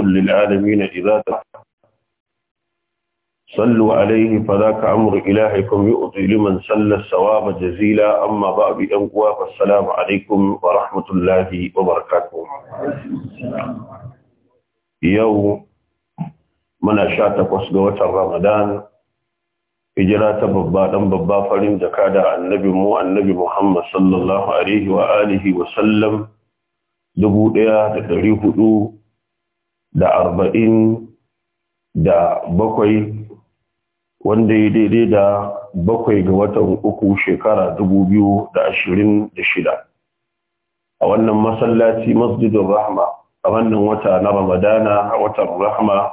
للعالمين إذا تفعل صلوا عليه فذاك أمر إلهكم يؤتي لمن سل الثواب جزيلا أما بعد أنقوا فالسلام عليكم ورحمة الله وبركاته يوم من شاتك وصدوة رمضان hijira ta babba dan babba farin jaka da annabi mu annabi Muhammad sallallahu alaihi wa alihi wa sallam 1447 da arba'in da bakwai wanda ya daidai da bakwai ga watan uku shekara dubu biyu da ashirin da shida a wannan masallaci masjidin rahma a wannan wata na ramadana a watan rahma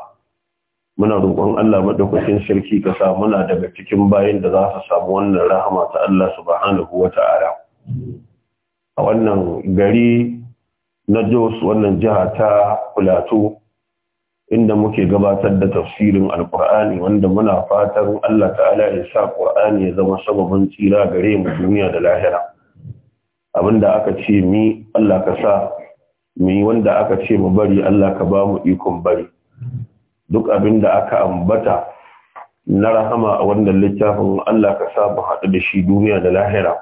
muna roƙon Allah maɗaukakin sarki ka sa muna daga cikin bayan da za su samu wannan rahama ta Allah subhanahu wa ta'ala a wannan gari na Jos wannan jiha ta Plateau inda muke gabatar da tafsirin alkur'ani wanda muna fatan Allah ta'ala ya sa ƙur'ani ya zama sababin tsira gare mu duniya da lahira abinda aka ce mi Allah ka sa mi wanda aka ce mu bari Allah ka ba mu ikon bari duk abinda aka ambata na rahama a wannan littafin Allah ka sa mu haɗu da shi duniya da lahira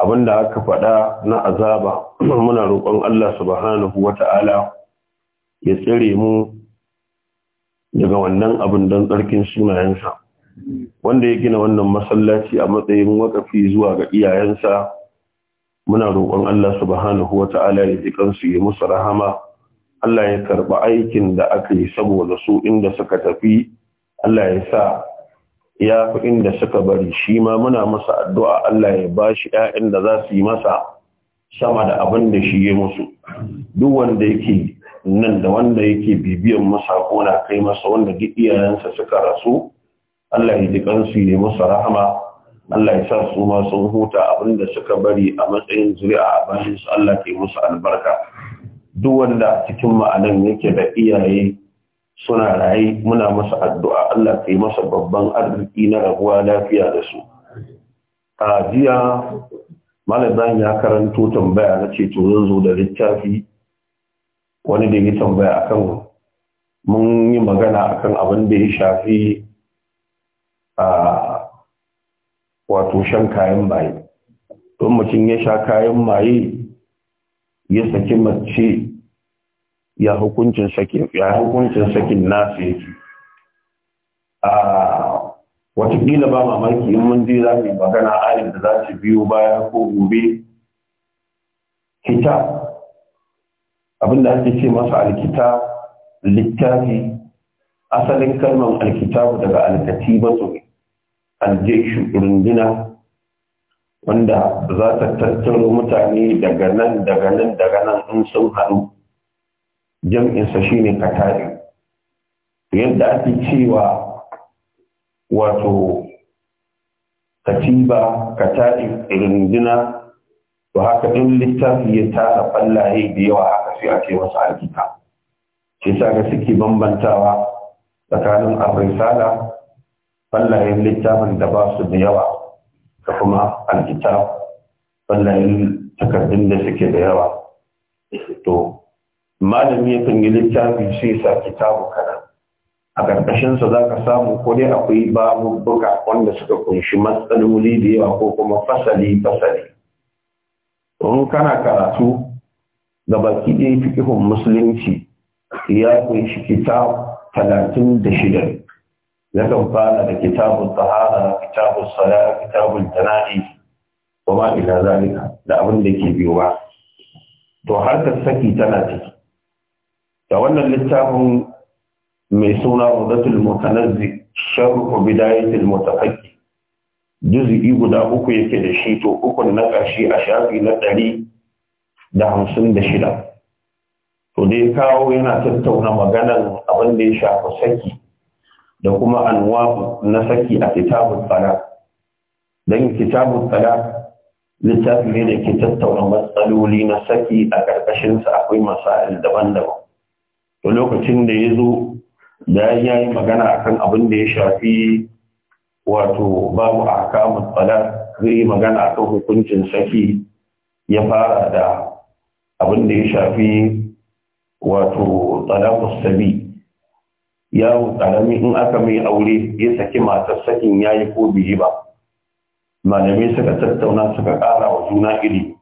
abinda aka faɗa na azaba muna roƙon Allah subhanahu wata'ala ya tsire mu daga wannan abin don tsarkin sunayensa wanda ya gina wannan masallaci a matsayin wakafi zuwa ga iyayensa muna roƙon Allah subhanahu wa ta'ala ya ji kansu ya musu rahama Allah ya karɓa aikin da aka yi saboda su inda suka tafi Allah ya sa ya fi inda suka bari shi ma muna masa addu'a Allah ya ba shi ‘ya'yan da za su yi masa sama da abin da shi ya musu duk wanda yake nan da wanda yake bibiyan masa na kai masa wanda duk iyayensa suka rasu Allah ya ji kansu ya masa rahama Allah ya sa su ma sun huta abinda suka bari a matsayin zuri'a a bayan su Allah ke musu albarka duk wanda cikin ma'anan yake da iyaye suna raye muna masa addu'a Allah ke masa babban arziki na rabuwa lafiya da su a jiya malam ya karanto tambaya na ce to zan zo da littafi wani da ya tambaya akan mun yi magana akan abin da ya shafi a wato shan kayan maye don mutum ya sha kayan maye ya saki mace ya hukuncin sakin ya hukuncin sakin nasu yake a watakila ba mamaki in mun je za mu magana ayin da za biyo baya ko gobe hita abinda ake ce masa alkita littafi asalin kalmar alkitabu daga su aljeshu rundina wanda za ta tattaro mutane daga nan daga nan daga nan in sun haɗu jam'insa shi shine katari yadda ake cewa wato katiba katari runduna to haka ɗin littafi ya tara fallaye da yawa sai a ce masa alkitab shi sa ga suke bambantawa tsakanin ar-risala fallayen littafin da ba su da yawa da kuma alkitab fallayen takardun da suke da yawa to malami ya kan yi littafi sai sa kitabu kana a ƙarƙashinsa za ka samu ko dai akwai babubuka wanda suka kunshi matsaloli da yawa ko kuma fasali fasali in kana karatu ga baki ɗaya fiƙihun musulunci ya kunshi kitab talatin da shida kan fara da kitabun tsahara kitabun tsara kitabun tanari wa ma ila zalika da abin da ke biyo ba to harkar saki tana ciki da wannan littafin mai suna rudatul mutanazzi sharhu bidayatul mutafaqqi juz'i guda uku yake da shi to uku na ƙarshe a shafi na ɗari da hamsin da shida to dai kawo yana tattauna maganar abin da ya shafa saki da kuma anwa na saki a kitabun tsara. don kitabun tsara littafi ne da ke tattauna matsaloli na saki a ƙarƙashinsa akwai masa'il daban-daban to lokacin da ya zo da ya yi magana akan abin da ya shafi wato babu a kamun tsara zai yi magana akan hukuncin saki ya fara da abin da ya shafi wato talakus sabi yawo karami in aka mai aure ya saki matar sakin yi ko biyi ba malamai suka tattauna suka ƙara wa juna iri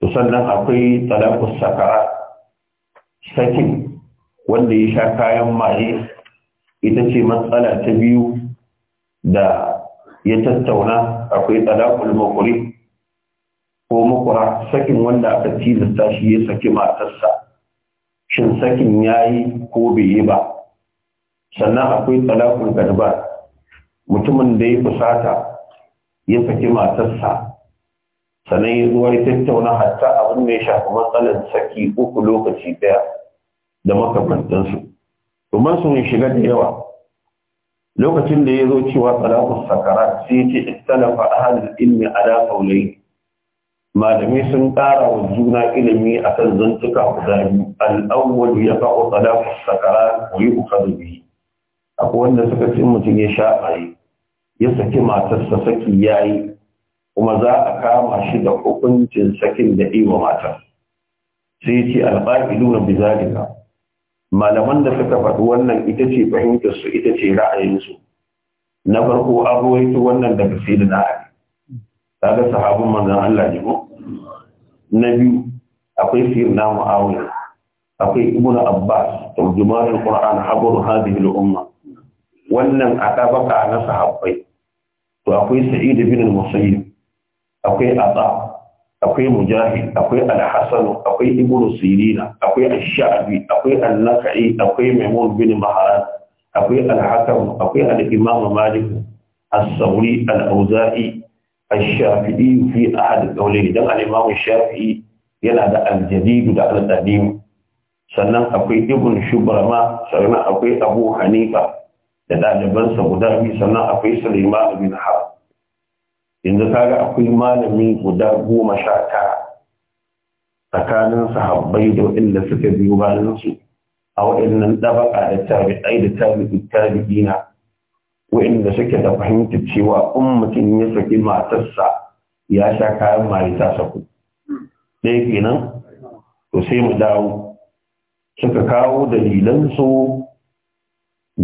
to sannan akwai talakus sakara sakin wanda ya sha kayan maye ita ce matsala ta biyu da ya tattauna akwai talakul makuri ko makura sakin wanda aka tilasta shi ya saki matarsa shin sakin ya yi ko bai yi ba sannan akwai talakun garba mutumin da ya fusata ya saki matarsa sannan ya zuwa ya tattauna hatta abin da ya shafi matsalar saki uku lokaci daya da makamantansu domin sun shiga da yawa lokacin da ya zo cewa talakun sakarat sai ya ce ittalafa ahadul ilmi ala qawlayn malamai sun ƙara wa juna ilimi a kan zantuka guda biyu ya fa'o talaku sakara wa yi uka zubi akwai wanda suka ce mutum ya sha ɓaye ya saki matarsa saki ya yi kuma za a kama shi da hukuncin sakin da wa matar sai ce alƙa'ilu na bizalika malaman da suka faɗi wannan ita ce fahimtarsu ita ce ra'ayinsu na farko an ruwaito wannan daga sai da kaga sahabin manzon Allah ne ko na biyu akwai sirna muawiya akwai ibnu abbas tarjumanul qur'an habru hadhihi al umma wannan a na sahabbai to akwai sa'id bin al-musayyib akwai ata akwai mujahid akwai al akwai ibnu sirina akwai ashabi akwai an akwai maimun bin maharan akwai al akwai al-imam malik as-sawri al-auza'i الشافعي في أحد القولين دم الإمام yana da الجديد da القديم sannan akwai ibn shubrama sannan akwai abu hanifa da ɗalibansa guda biyu sannan akwai suleiman bin har yanzu kaga akwai malami guda goma sha tara tsakanin sahabai da waɗanda suka biyo bayan a waɗannan ɗabaka da tabi'ai da tabi'i tabi'ina wa'inda suke da fahimta cewa in mutum ya saki matarsa ya sha kayan maye ta saku ɗaya kenan to sai mu dawo suka kawo dalilansu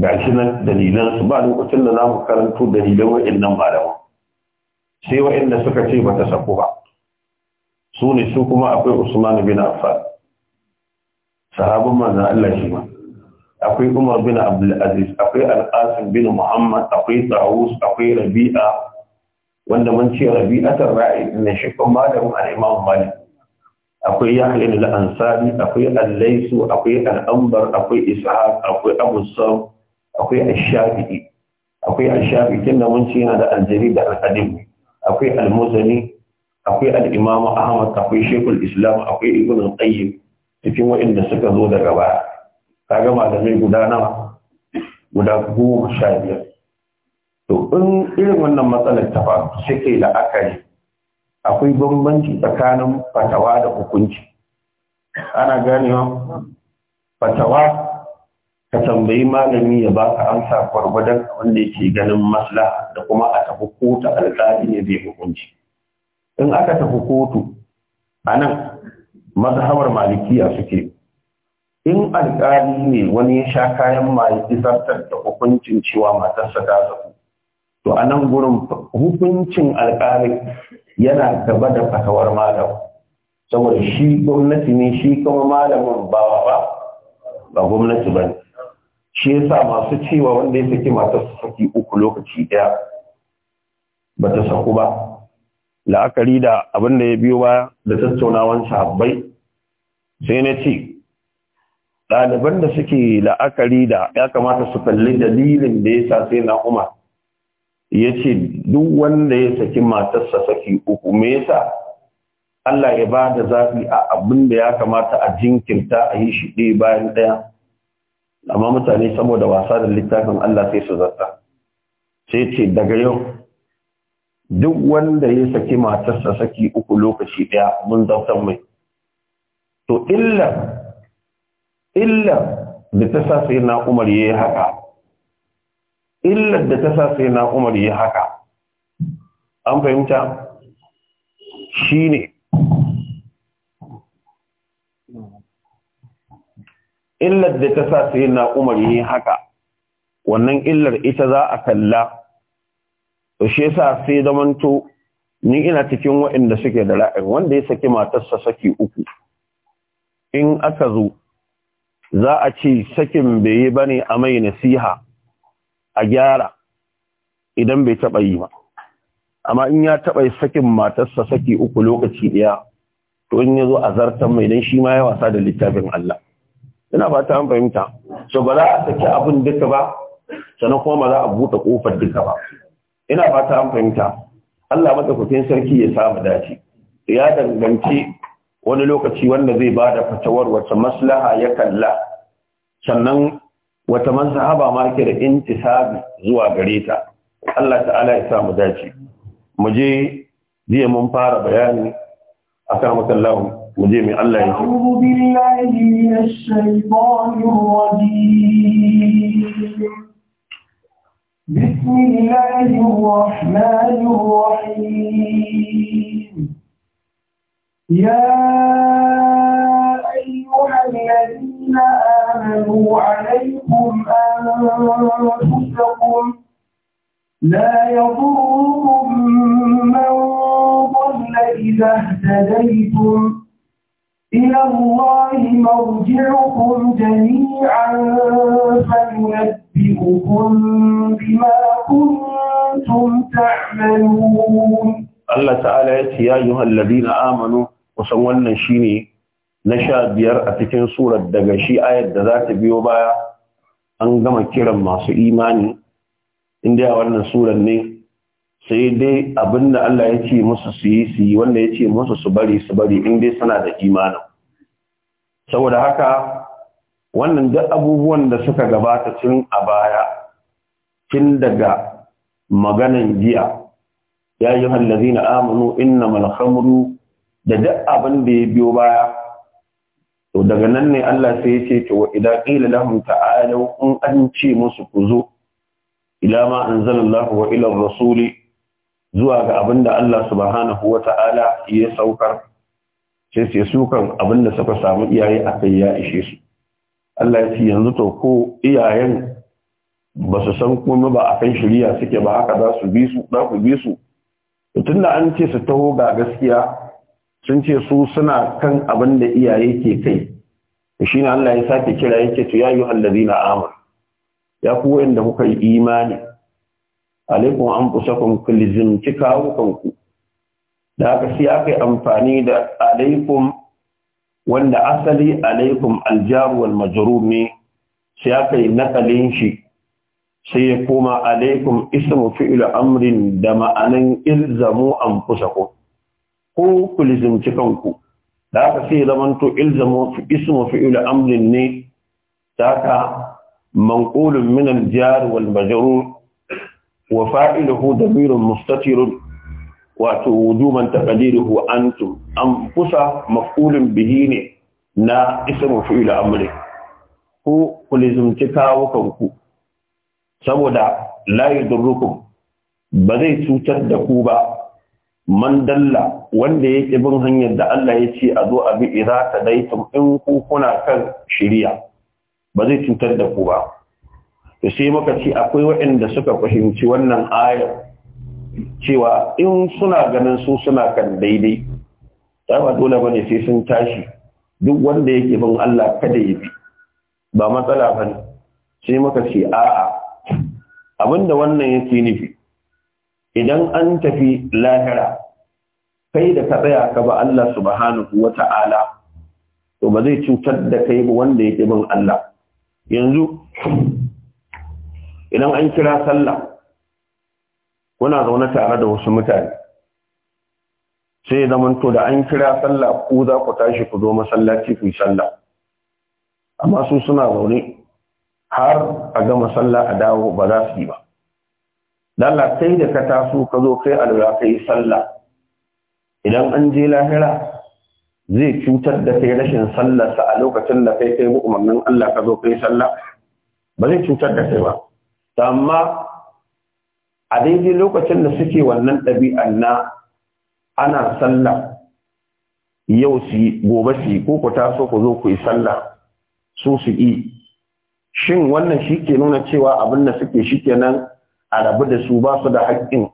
ga shi nan dalilansu ba lokacin da za mu karanto dalilan wa'innan malaman sai wa'inda suka ce ba ta saku ba su ne su kuma akwai usman bin affan sahabin manzan Allah shi ma akwai Umar bin Abdulaziz akwai al bin Muhammad akwai Tawus akwai Rabi'a wanda mun ce Rabi'atul Ra'i ne shi kuma malamin al Malik akwai Yahya bin Al-Ansari akwai Allaisu akwai Al'ambar akwai Ishaq akwai Abu akwai ash akwai mun ce yana da al da al akwai al akwai al Ahmad akwai Sheikhul Islam akwai Ibn Qayyim cikin waɗanda suka zo daga baya kaga malamai guda nawa guda goma sha biyar to in irin wannan matsalar ta faru suke la'akari akwai bambanci tsakanin fatawa da hukunci ana ganewa fatawa ka tambayi malami ya ba ka amsa gwargwadon wanda yake ganin maslaha da kuma a tafi kotu alƙali ne zai hukunci in aka tafi kotu a nan mazhabar malikiya suke in alƙali ne wani ya sha kayan maye izartar da hukuncin cewa matarsa ta zafi to a nan gurin hukuncin alƙali yana gaba da fatawar malam saboda shi gwamnati ne shi kuma malamin bawa ba ba gwamnati ba ne shi yasa masu cewa wanda ya saki matarsa saki uku lokaci ɗaya ba ta saku ba la'akari da abin da ya biyo baya da tattaunawan sahabbai sai na ce ɗaliban da suke la'akari da ya kamata su kalli dalilin da ya sa sai na umar ya ce duk wanda ya saki matarsa saki uku me yasa Allah ya ba da zafi a abin da ya kamata a jinkirta a yi shi ɗaya bayan ɗaya amma mutane saboda wasa da littafin Allah sai su zarta sai ce daga yau duk wanda ya saki matarsa saki uku lokaci ɗaya mun zartan mai to illa illa da ta sa sai na umar ya yi haka illa da ta sa sai na umar ya haka an fahimta shi ne illar da ta sa sai na umar ya yi haka wannan illar ita za a kalla to shi sa sai zamanto ni ina cikin waɗanda suke da ra'ayi wanda ya saki matarsa saki uku in aka zo za a ce sakin bai yi ba ne a mai nasiha a gyara idan bai taɓa yi ba amma in ya taɓa sakin matarsa saki uku lokaci ɗaya to in ya zo a zartar mai don shi ma ya wasa da littafin Allah ina ba ta fahimta so ba za a saki abin duka ba sannan kuma ba za a buɗe ƙofar duka ba ina ba ta fahimta Allah madaukakin sarki ya samu dace ya danganci wani lokaci wanda zai ba da fatawar wata maslaha ya kalla sannan wata haba ma ke da intisabi zuwa gare ta Allah ta'ala ya sa mu dace mu je jiya mun fara bayani kan makallahu mu je mai Allah ya بسم الله الرحمن الرحيم يا أيها الذين آمنوا عليكم أنفسكم لا يضركم من ضل إذا اهتديتم إلى الله مرجعكم جميعا فينبئكم بما كنتم تعملون الله تعالى يا أيها الذين آمنوا kusan wannan shine na sha biyar a cikin surar daga shi ayar da za ta biyo baya an gama kiran masu imani inda a wannan surar ne sai dai abinda Allah ya ce musu su yi su yi wanda ya ce musu su bari su bari in dai suna da imanin saboda haka wannan duk abubuwan da suka gabata tun a baya tun daga maganan jiya ya yi hallazina amanu inna khamru da duk abin da ya biyo baya to daga nan ne Allah sai ya ce to wa idan qila lahum ta'alu in an ce musu ku zo ila ma anzalallahu wa ila rasuli zuwa ga abin da Allah subhanahu wa ta'ala ya saukar sai sai su kan abin da suka samu iyaye akai ya ishe su Allah ya ce yanzu to ko iyayen ba su san kuma ba a kan shirya suke ba haka za su bi su za ku bi su tunda an ce su taho ga gaskiya sun ce su suna kan abin da iyaye ke kai shi ne Allah ya sake kira yake to ya yi hallazi na amur ya ku wanda kuka yi imani alaikun an kusa kun kulizin kawo kanku da aka sai aka yi amfani da alaikun wanda asali alaikum aljaru wal ne sai aka yi nakalin shi sai ya koma alaikum ismu ila amrin da ma'anan ilzamu anfusakum ko ku ci kanku da aka sai zamanto ilzamu fi ismu ila amrin ne taka manqulun min al-jar wal majrur wa fa'iluhu damirun wa wato wujuban taqdiruhu antum am fusa maf'ulun bihi ne na ismu ila amri ko ku ci kawo kanku saboda la yadurrukum ba zai cutar da ku ba man dalla wanda yake bin hanyar da Allah ya ce a zo a bi idza tadaitum in ku kuna kan shiriya ba zai cutar da ku ba to sai muka ce akwai waɗanda suka fahimci wannan aya cewa in suna ganin su suna kan daidai ta ba dole bane sai sun tashi duk wanda yake bin Allah kada ya bi ba matsala bane sai muka ce a'a abinda wannan yake nufi idan an tafi lahira kai da ka tsaya ka ba Allah subhanahu wa ta'ala to ba zai cutar da kai ba wanda yake bin Allah yanzu idan an kira sallah kuna zaune tare da wasu mutane sai zaman to da an kira sallah ku za ku tashi ku zo masallaci ku yi sallah amma su suna zaune har a gama sallah a dawo ba za su yi ba Allah kai da ka taso ka zo kai alwala kai sallah idan an je lahira zai cutar da kai rashin sallarsa a lokacin da kai kai umarnin Allah ka zo kai sallah ba zai cutar da kai ba amma a daidai lokacin da suke wannan ɗabi'an na ana sallah yau su gobe su ko ku taso ku zo ku yi sallah su su yi shin wannan shi ke nuna cewa abin da suke shi kenan a rabu da su ba su da haƙƙin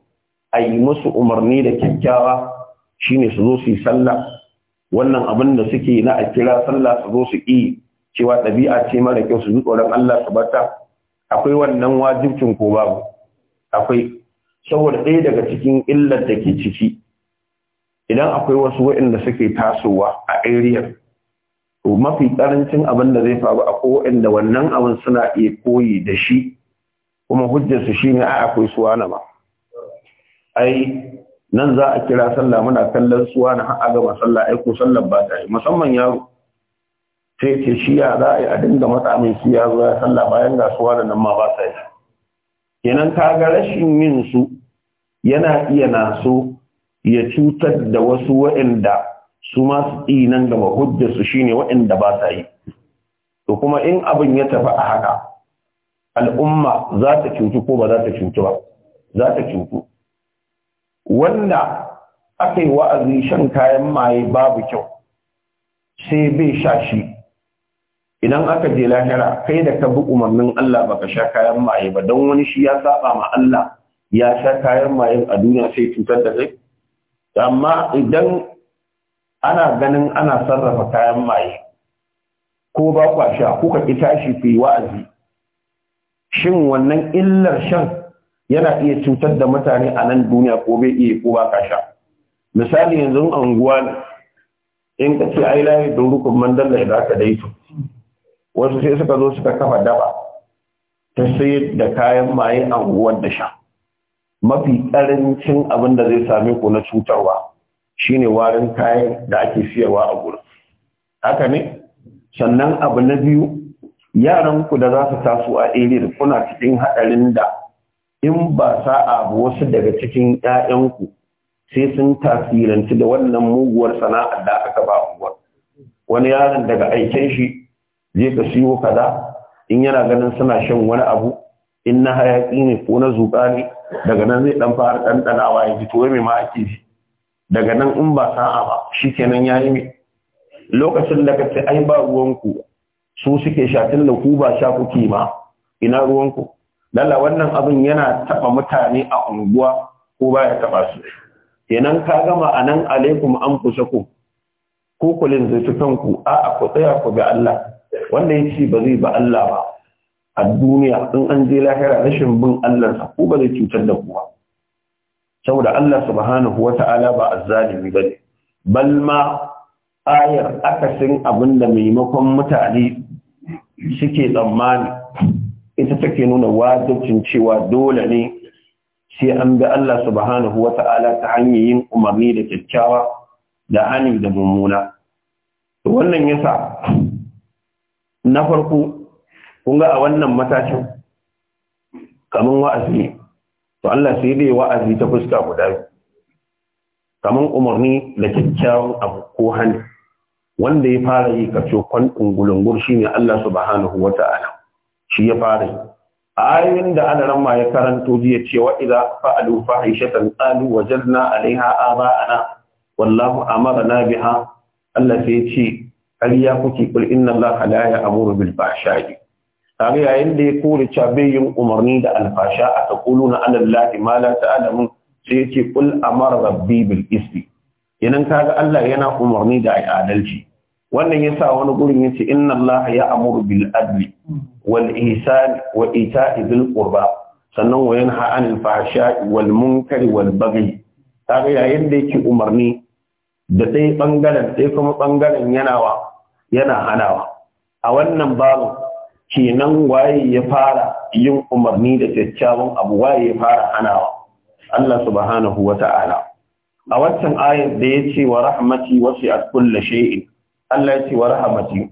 a yi musu umarni da kyakkyawa shi ne su zo su yi sallah wannan abin da suke na a kira sallah su zo su yi cewa ɗabi'a ce mara kyau su bi tsoron Allah su bata akwai wannan wajibcin ko babu akwai saboda ɗaya daga cikin illar da ke ciki idan akwai wasu waɗanda suke tasowa a area to mafi ƙarancin abin da zai faru akwai waɗanda wannan abin suna iya koyi da shi kuma hujjarsu shi ne a akwai suwana ma ai nan za a kira sallah muna kallon suwana har a gama sallah ai ko ba ta yi musamman yaro sai ce shi ya za a yi a dinga matsa mai shi ya zo ya sallah bayan ga suwana nan ma ba ta yi kenan ka ga rashin yin su yana iya na ya cutar da wasu waɗanda su masu nan gaba hujjarsu shine waɗanda ba ta yi to kuma in abin ya tafi a haka al'umma za ta cutu ko ba za ta cutu ba za ta cutu wanda aka yi wa'azi shan kayan maye babu kyau sai bai sha shi idan aka je lahira kai da ka bi umarnin Allah ba ka sha kayan maye ba don wani shi ya saba ma Allah ya sha kayan mayen a duniya sai cutar da kai amma idan ana ganin ana sarrafa kayan maye ko ba kwa sha kuka ƙi tashi fi wa'azi shin wannan illar shan yana iya cutar da mutane a nan duniya ko bai iya ko ba ka sha misali yanzu anguwa ne in ka ce ai layi don rukun mandalla da aka daito wasu sai suka zo suka kafa daba ta sayar da kayan maye a unguwar da sha mafi karancin abin da zai same ku na cutarwa shine warin kayan da ake siyarwa a gurin haka ne sannan abu na biyu yaran ku da za su taso a area kuna cikin haɗarin da in ba sa'a wasu daga cikin 'ya'yanku sai sun tasiranci da wannan muguwar sana'ar da aka ba unguwar wani yaron daga aikin shi zai ka siyo kaza in yana ganin suna shan wani abu in na hayaki ne ko na zuƙa ne daga nan zai ɗan fara ɗanɗanawa ya ji to mai ma ake ji daga nan in ba sa'a ba shi kenan ya yi lokacin da ka ce ai ba ruwanku su suke sha da ku ba sha kuke ba ina ruwanku lalla wannan abin yana taba mutane a unguwa ko ya taba su kenan ka gama anan alaikum kusa ku kulin zai kanku a a ku tsaya ku bi Allah wanda ya ce ba zai ba Allah ba a duniya in an je lahira rashin bin Allah sa ku ba zai cutar da ku ba saboda Allah subhanahu wata'ala ba azzalimi bane bal ma ayar akasin abinda maimakon mutane suke tsammani ita take nuna wajibcin cewa dole ne sai an bi Allah subhanahu wa ta'ala ta hanyar yin umarni da kyakkyawa da hani da mummuna. Wannan yasa na farko, kun ga a wannan matashin, kamar wa'azi, to Allah sai dai wa'azi ta fuska guda biyu, kamar umarni da kyakkyawan abu ko hannu. wanda ya fara yi kaco kwan ɗungulungur shi ne Allah subhanahu wa ta'ala shi ya fara yi ayoyin da ana ramma ya karanto jiya cewa idza fa'alu fahishatan qalu wajadna 'alaiha aba'ana wallahu amarna biha Allah sai ya ce ƙarya kuke kul inna Allah la ya'muru bil fahsha'i kaga yayin da ya kore cewa bai yin umarni da alfasha a takulu na Allahi ma la ta'lamun sai ya ce kul amara rabbi bil qisti kenan kaga Allah yana umarni da adalci wannan yasa wani gurin yace inna ya amuru bil adli wal ihsan wa ita'i dhil qurba sannan wa yanha 'anil fahsha'i wal munkari wal baghi kaga yayin da yake umarni da dai bangaren sai kuma bangaren yana hanawa a wannan babu kenan waye ya fara yin umarni da kyakkyawan abu waye ya fara hanawa Allah subhanahu Ta'ala. a waccan ayar da ya ce wa rahmati wasi'at kulli shay'in Allah ya ce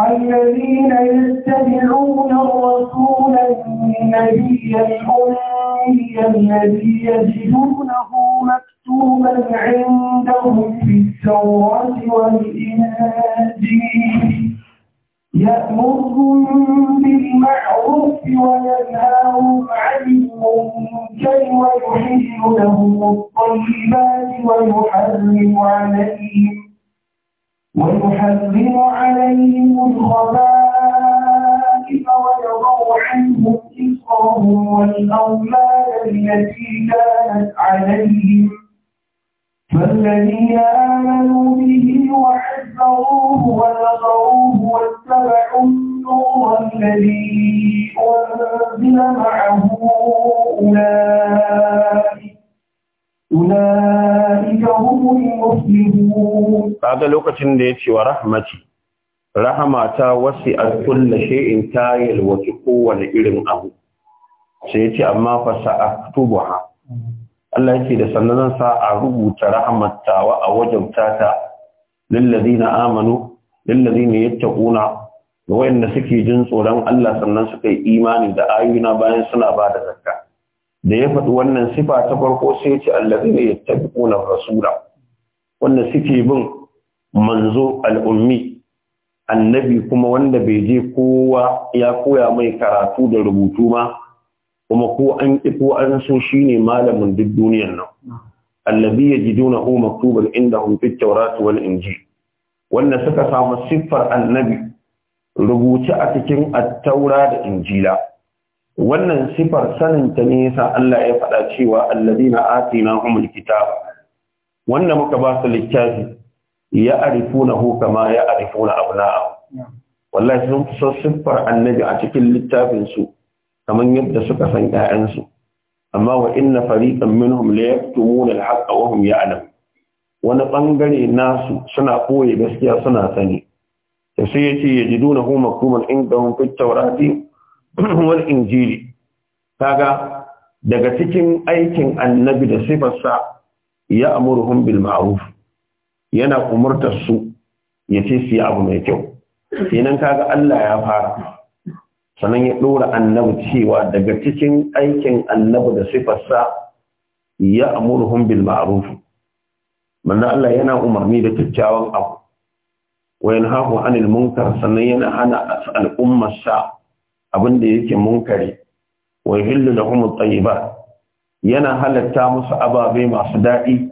الذين يتبعون الرسول النبي الأمي الذي يجدونه مكتوبا عندهم في التوراة والإنجيل يأمرهم بالمعروف وينهاهم عن المنكر ويحل لهم الطيبات ويحرم عليهم ويحرم عليهم الخبائث ويضع عنهم إصرهم والأولاد التي كانت عليهم فالذين آمنوا به وعزروه ونصروه واتبعوا النور الذي أنزل معه أولئك أولئك مفلحون ga lokacin da yake wa rahmati rahamata al kulli shay'in tayil wa kowane irin abu sai yace amma fa sa'aktubuha Allah yake da sannan sa a rubuta rahmatawa wa a wajabta ta lil ladina amanu lil ladina yattaquna wayanda suke jin tsoron Allah sannan suka yi imani da ayyuna bayan suna ba da zakka da ya faɗi wannan sifa ta farko sai yace ce allazi ne ya tafi wanda suke bin manzo al'ummi annabi kuma wanda bai je kowa ya koya mai karatu da rubutu ma kuma ko an ƙi ko an so shine malamin duk duniyar nan allabi maktubar inda indahum fit tawrat wani inji. wanda suka samu siffar annabi rubuce a cikin attaura da injila wannan siffar saninta ne yasa Allah ya faɗa cewa na atinahumul kitaba wanda muka ba su littafi ya arifuna hu kama ya arifuna abna'a wallahi sun fi siffar annabi a cikin littafinsu kamar yadda suka san ƴaƴansu amma wa inna fariqan minhum la yaktumuna al-haqqa wa hum ya'lam wani bangare nasu suna koye gaskiya suna sani da sai yace yajidunahu maktuman indahum fit tawrati wal injili kaga daga cikin aikin annabi da sifarsa ya amuruhum bil ma'ruf yana umurtar su yace su yi abu mai kyau kenan kaga Allah ya fara sannan ya dora annabi cewa daga cikin aikin annabi da sifarsa ya amuruhum bil ma'ruf Allah yana umarni da kyakkyawan abu wa yanhahu anil munkar sannan yana hana al'ummar sa abin da yake munkari wa yuhillu lahum at-tayyibat yana halatta musu ababe masu daɗi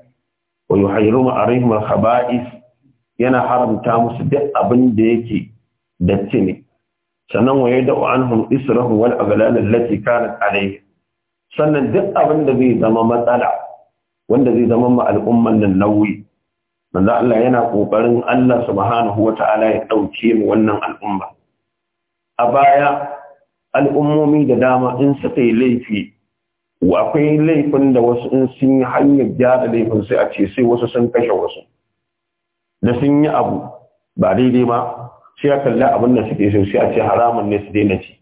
wa yuhayyiru a al haba'is. yana haramta musu duk abin da yake datti ne sannan wa yad'u anhum israhum wal aghlal allati kanat alayhi sannan duk abin da zai zama matsala wanda zai zama ma al'umman nan nauyi manzo Allah yana kokarin Allah subhanahu wata'ala ya dauke mu wannan al'umma a baya al'ummomi da dama in suka yi laifi akwai laifin da wasu in sun yi hanyar gyara laifin sai a ce sai wasu sun kashe wasu da sun yi abu ba daidai ba sai a kalli abin da suke so sai a ce haramun ne su daina ci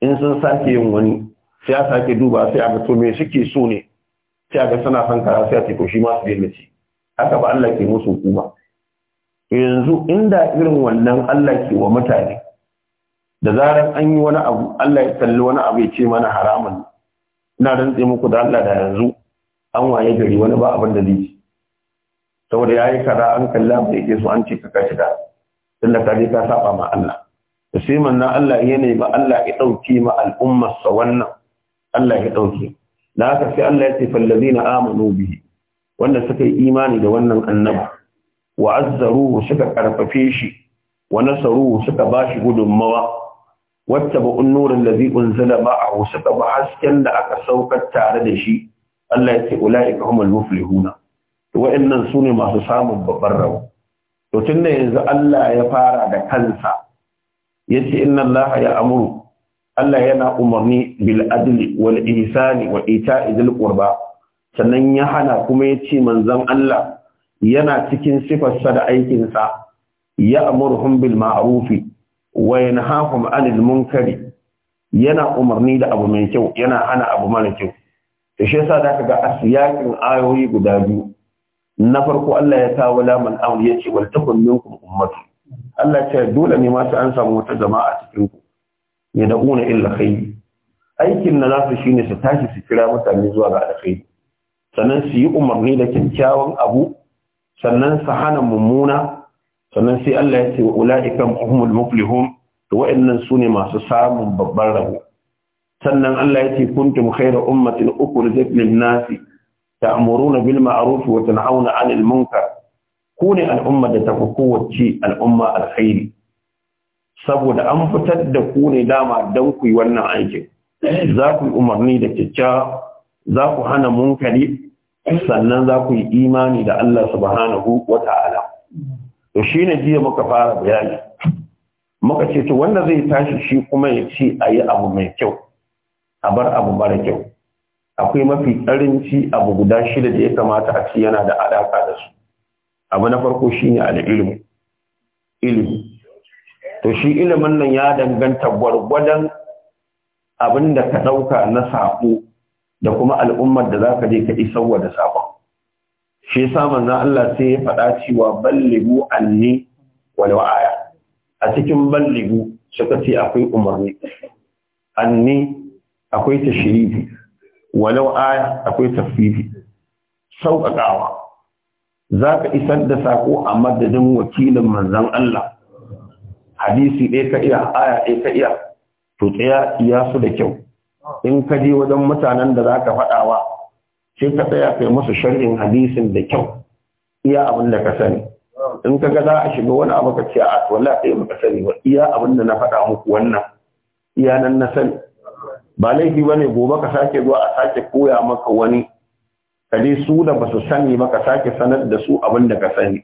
in sun sake yin wani sai a sake duba sai a ga to me suke so ne sai a ga suna son kara sai a ce to shi ma su daina ci haka ba Allah ke musu hukuma yanzu inda irin wannan Allah ke wa mutane da zarar an yi wani abu Allah ya kalli wani abu ya ce mana haramun ne. ina rantse muku da Allah da yanzu an waye gari wani ba abin da zai ci ya yi kara, an kalla bai yake so an ce ka kashi da tunda ka ka saba ma Allah da sai manna Allah ya nemi Allah ya dauke ma al'ummar sa wannan Allah ya dauke da haka sai Allah ya ce fallazina amanu bihi wanda suka yi imani da wannan annabi wa suka karfafe shi wa nasaruhu suka bashi gudunmawa wata ba'un nurin da zai unzila ba a wasu ba hasken da aka saukar tare da shi Allah ya ce ula'ika humul muflihuna to wa'annan su ne masu samun babban rawa to tun da yanzu Allah ya fara da kansa ya ce inna Allah ya amuru Allah yana umarni bil adli wal ihsani wa ita'i dhil qurba sannan ya hana kuma ya ce manzon Allah yana cikin sifarsa da aikinsa ya amuruhum bil ma'rufi wa yanhahum anil munkari yana umarni da abu mai kyau yana hana abu mara kyau to shi yasa ga kaga asiyakin ayoyi guda biyu na farko Allah ya kawo lamun amr yace wal takun minkum ummatu Allah ce dole ne ma an samu wata jama'a cikin ku ya da'una illa khayr aikin na nasu shine su tashi su kira mutane zuwa ga alkhairi sannan su yi umarni da kyakkyawan abu sannan su hana mummuna sannan sai Allah ya ce wa ula'ika humul muflihun to wa'annan su ne masu samun babban rabo sannan Allah ya ce kuntum khayra ummatin ukhrijat lin nasi ta'muruna bil ma'ruf wa tanhauna 'anil munkar ku ne al'umma da ta kowace al'umma alkhairi saboda an fitar da ku ne dama don ku yi wannan aikin za ku yi umarni da kyakkyawa za ku hana munkari sannan za ku yi imani da Allah subhanahu wa ta'ala to shine jiya muka fara bayani muka ce to wanda zai tashi shi kuma ya ce a yi abu mai kyau a bar abu mara kyau akwai mafi karinci abu guda shida da ya kamata a ci yana da alaka da su abu na farko shine al'ilmu ilimi to shi ilimin nan ya danganta gwargwadon abin da ka ɗauka na saƙo da kuma al'ummar da za ka je ka isarwa da saƙon shi yasa na Allah sai ya faɗa cewa ballibu anni wani aya a cikin balligu suka ce akwai umarni anni akwai tashrifi walau aya akwai tafsiri sauƙaƙawa za ka isar da saƙo a madadin wakilin manzan Allah hadisi ɗaya ka iya aya ɗaya ka iya to tsaya iya su da kyau in ka je wajen mutanen da za ka faɗawa sai ka tsaya kai musu sharhin hadisin da kyau iya abin da ka sani in ka ga za a shiga wani abu ka ce a wala sai baka sani ba iya abin da na faɗa muku wannan iya nan na sani ba laifi bane gobe ka sake zuwa a sake koya maka wani ka je su da ba su sani ba ka sake sanar da su abin da ka sani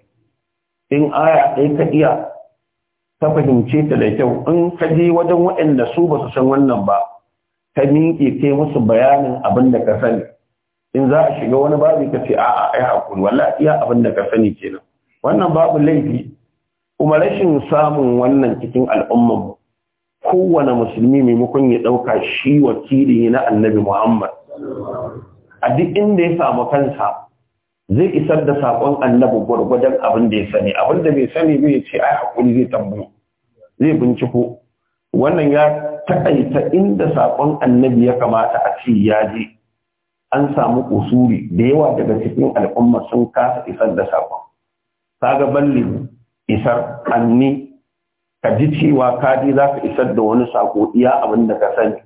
in aya ɗaya ka iya ta fahimce ta da kyau in ka je wajen waɗanda su ba su san wannan ba ka miƙe kai musu bayanin abin da ka sani in za a shiga wani babi ka ce a'a ai hakuri wallahi iya abin da ka sani kenan wannan babu laifi kuma rashin samun wannan cikin al'ummar kowane musulmi maimakon ya ɗauka shi wakili na annabi Muhammad a duk inda ya samu kansa zai isar da saƙon annabi gwargwadon abin da ya sani abin da bai sani bai ce ai hakuri zai tambu. zai binciko wannan ya taƙaita inda saƙon annabi ya kamata a ce ya je an samu kusuri da yawa daga cikin al'umma sun kasa isar da saƙon kaga balli isar kanni ka ji cewa ka ji za ka isar da wani sako iya abin da ka sani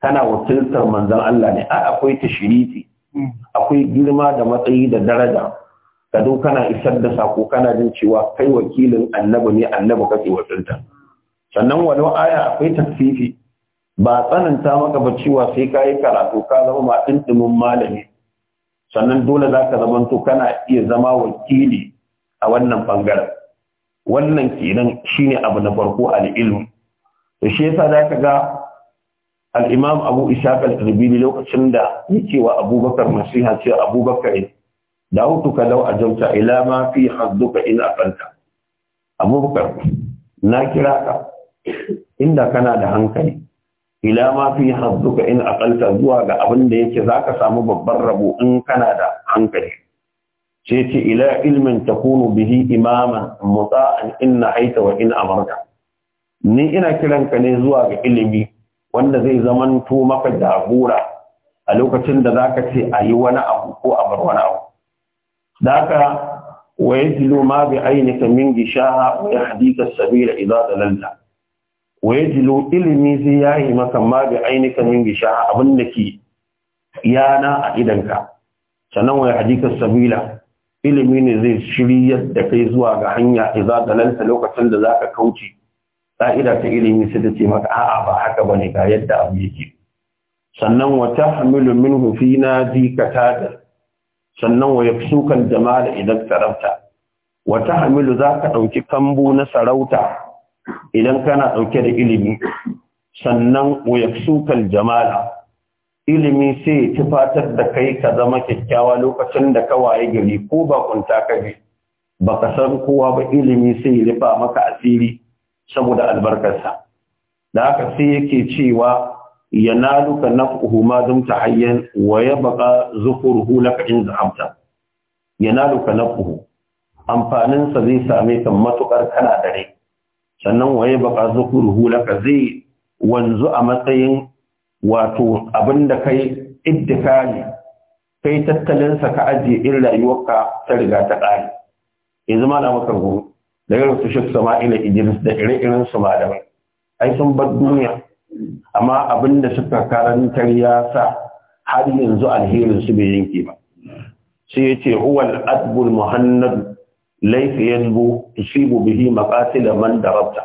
kana wakiltar manzon Allah ne a akwai tashiriti akwai girma da matsayi da daraja ka zo kana isar da sako kana jin cewa kai wakilin annabi ne annabi kake wakilta sannan walau aya akwai tafsifi ba tsananta maka ba cewa sai ka yi karatu ka zama ma ɗinɗimin malami sannan dole za ka zamanto kana iya zama wakili a wannan bangaren wannan kenan shine abu na farko al-ilm to shi yasa zaka ga al-imam Abu Ishaq al-Ribili lokacin da yake wa Abubakar nasiha ce Abubakar dau law ajauta ila ma fi hadduka in aqalta Abubakar na kira ka inda kana da hankali ila ma fi hadduka in aqalta zuwa ga abin da yake zaka samu babban rabo in kana da hankali sai ce ila ilmin takunu bihi Imaman muta'an inna aita wa in amarka ni ina kiranka ne zuwa ga ilimi wanda zai zamanto maka jagora a lokacin da zaka ce a yi wani abu ko a bar wani abu da haka wa yajilu ma bi ainihin min gishaha wa yahdika sabila idza dalalta wa yajilu zai yayi maka ma bi ainihin min gishaha abin da ke yana a idanka sannan wa yahdika as-sabila ilimi ne zai shiryar da kai zuwa ga hanya idza dalalta lokacin da za ka kauce Sa'ida ta ilimi sai ta ce maka a'a ba haka ba ne ga yadda abu yake sannan wa tahmilu na ji ka tada sannan wa yafsuka al-jamal idan tarafta wa za ka ɗauki kambu na sarauta idan kana ɗauke da ilimi sannan wa yafsuka al-jamala ilimi sai ya tufatar da kai ka zama kyakkyawa lokacin da ka waye gari ko ba kunta ka bi ka san kowa ba ilimi sai ya rufa maka asiri saboda albarkarsa da haka sai yake cewa ya yanaluka naf'uhu ma ta hayyan wa baka zuhurhu laka in zahabta yanaluka naf'uhu amfanin sa zai same ka matukar kana dare sannan waye baka zuhurhu laka zai wanzu a matsayin wato abin da kai iddikali kai tattalinsa ka ajiye in rayuwarka ta riga ta ƙare yanzu ma na maka da irin su sama ila idris da ire-iren su mai, ai sun bar duniya amma abin da suka karantar ya sa har yanzu alherin su bai yanke ba sai ya ce huwal adbul muhannad laysa yanbu tusibu bihi maqatil man darabta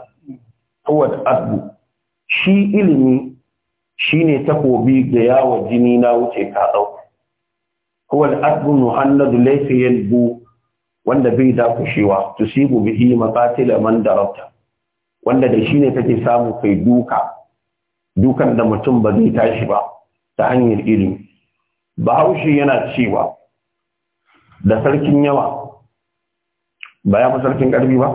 huwal adbu shi ilimi shine takobi da yawa jini na wuce ka ɗau huwa al'adun muhannadu laifin yalbu wanda bai da kushewa to sigu bihi maqatila man darabta wanda da shine take samu kai duka dukan da mutum ba zai tashi ba ta hanyar ilimi bahaushe yana cewa da sarkin yawa ba ya fi sarkin ƙarfi ba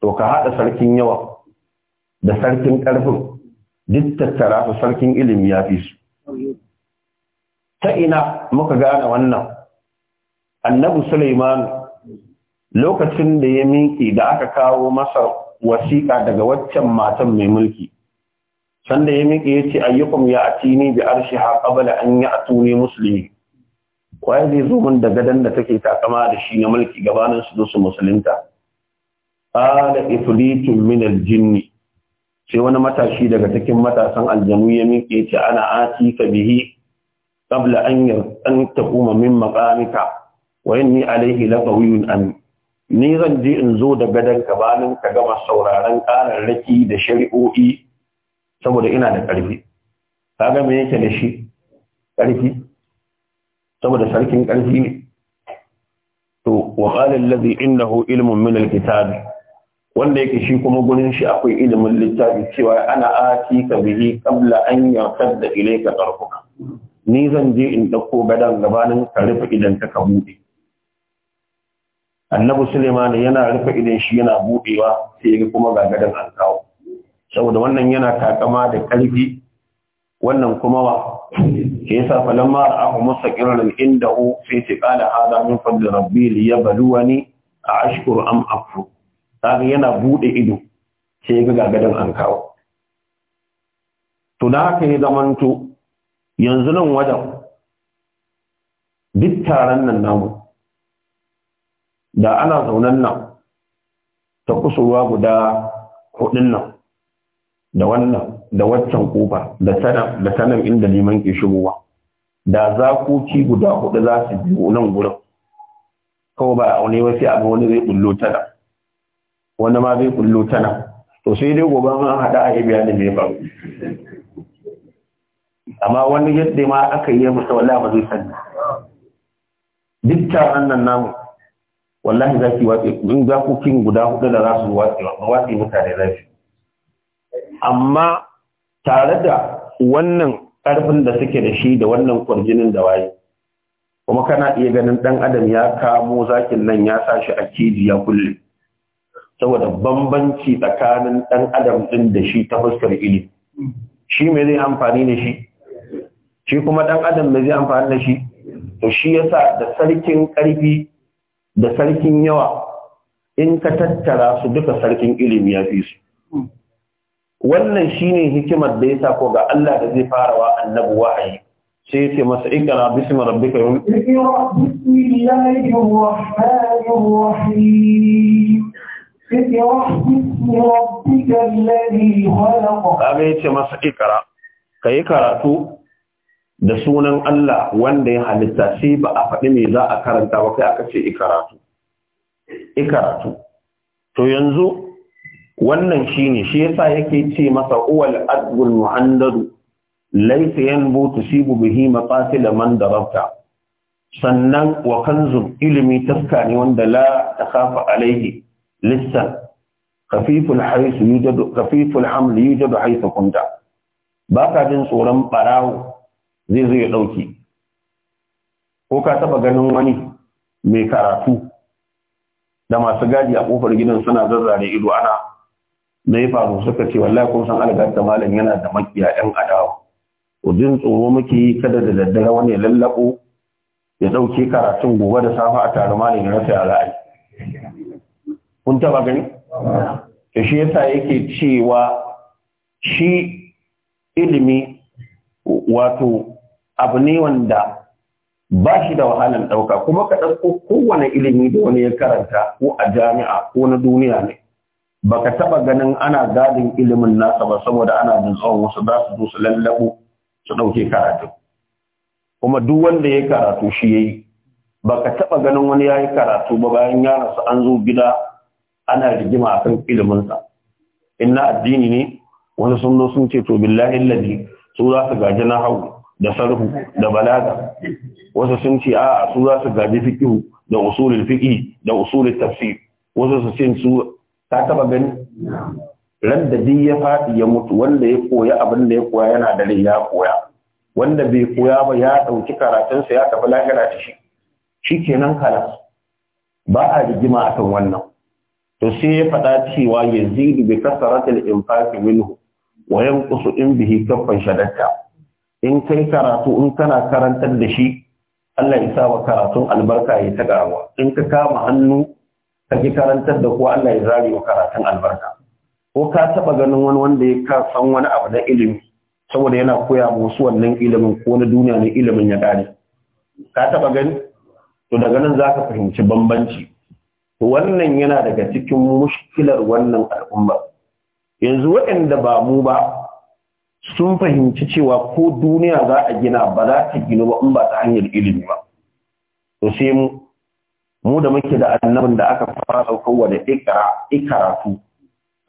to ka haɗa sarkin yawa da sarkin ƙarfin duk tattara su sarkin ilimi ya fi su ta ina muka gane wannan Annabu Suleiman. lokacin da ya miƙi da aka kawo masa wasiƙa daga waccan matan mai mulki sanda ya miƙi ya ce ayyukum ya atini bi arshi har ƙabala an yi a tuni musulmi, kwaye zai zo min da gadon da take takama da shi na mulki gabanin su zo su musulunta qala ifritun min jinni sai wani matashi daga cikin matasan aljanu ya miƙe ce ana ati ka bihi qabla an an taquma min maqamika wa inni alayhi laqawiyyun amin ni zan je in zo da gadon ka banin ka gama sauraron ƙararraki da shari'o'i saboda ina da ƙarfi kaga me yake da shi ƙarfi saboda sarkin ƙarfi ne to wa qala allazi innahu ilmun min alkitab wanda yake shi kuma gurin shi akwai ilimin littafi cewa ana aki ka bihi kabla an yankar da ilayka tarfuka ni zan je in dauko gadan gabanin ka rufe idan ka ka bude annabi suleiman yana rufe idan shi yana budewa sai ya kuma ga gadan an kawo saboda wannan yana takama da karfi wannan kuma wa ke yasa falamma ra'ahu mustaqirran indahu sai ta qala hada min fadli rabbi liyabluwani a ashkuru am akfur kaga yana bude ido sai ga gagadan an kawo to da haka ya zamanto yanzu nan wajen duk nan namu da ana zaunan nan ta kusurwa guda hudun nan da wannan da waccan kofa da sanar da sanar inda liman ke shigowa da zakoki guda hudu za su biyo nan gurin kawai ba a wani wasu abu wani zai bullo tada. wani ma zai kullo tana to sai dai gobe an haɗa a ibiya da mai ba amma wani yadda ma aka yi masa wallahi ba zai sani duk taron nan namu wallahi za ki watsi in za ku kin guda hudu da za su watsi ba watsi mutane za su amma tare da wannan ƙarfin da suke da shi da wannan kwarjinin da waye kuma kana iya ganin ɗan adam ya kamo zakin nan ya sa shi a keji ya kulle saboda bambanci tsakanin ɗan adam ɗin da shi ta fuskar ilimi shi mai zai amfani da shi shi kuma ɗan adam mai zai amfani da shi to shi ya sa da sarkin ƙarfi da sarkin yawa in ka tattara su duka sarkin ilimi ya fi su wannan shi ne hikimar da ya sa ko ga Allah da zai farawa annabi wahayi sai yace masa ikra bismi rabbika yawm ikra bismillahi rahmanir rahim Kaga ce masa ikara, ka yi karatu da sunan Allah wanda ya halitta sai ba a faɗi mai za a karanta ba kai aka ce ikaratu. Ikaratu. To yanzu wannan shi ne shi yasa yake ce masa uwal adwul muhandadu laisa yanbu tusibu bihi da man darabta sannan wa zub ilimi taska ne wanda la ta kafa alaihi lissan kafiful haisu yujadu khafiful haml yujadu haisu kunta ba ka jin tsoron barawo zai zo ya dauke ko ka taba ganin wani mai karatu da masu gadi a kofar gidan suna zarrare ido ana na ya faru suka ce wallahi kun san algarta malam yana da makiya yan adawa ko jin tsoro muke yi kada da daddare wani lallabo ya dauke karatun gobe da safa a tare malam ya rasa ra'ayi kun taba gani da shi yasa yake cewa shi ilimi wato abu ne wanda ba shi da wahalar ɗauka kuma ka ɗauko kowane ilimi da wani ya karanta ko a jami'a ko na duniya ne baka taba ganin ana gadin ilimin nasa ba saboda ana jin tsawon wasu za su zo su lallabo su ɗauke karatu kuma duk wanda ya karatu shi yayi baka taba ganin wani ya yi karatu ba bayan ya rasu an zo gida ana rigima akan ilimin sa inna addini ne wani sun zo sun ce to billahi alladhi su za su gaji na hau da sarhu da balaga wasu sun ce a'a su za su gaji fiqhu da usulul fiqi da usulul tafsir wasu su ce su ta taba gani ran da din ya faɗi ya mutu wanda ya koya abin da ya koya yana da rai ya koya wanda bai koya ba ya ɗauki karatunsa ya tafi lahira da shi shi kala ba a rigima akan wannan to sai ya faɗa cewa yazidu bi kasaratil infaqi minhu wa yanqusu in bihi kaffan shadatta in kai karatu in kana karantar da shi Allah ya sa wa karatun albarka ya ta in ka kama hannu ka ki karantar da kuwa Allah ya zare wa karatun albarka ko ka taba ganin wani wanda ya ka san wani abu na ilimi saboda yana koya musu wannan ilimin ko na duniya ne ilimin ya dare ka taba gani to daga nan zaka fahimci bambanci wannan yana daga cikin mushkilar wannan al'umma yanzu waɗanda ba mu ba sun fahimci cewa ko duniya za a gina ba za ta gina ba in ba ta hanyar ilimi ba to sai mu mu da muke da annabin da aka fara saukowa da su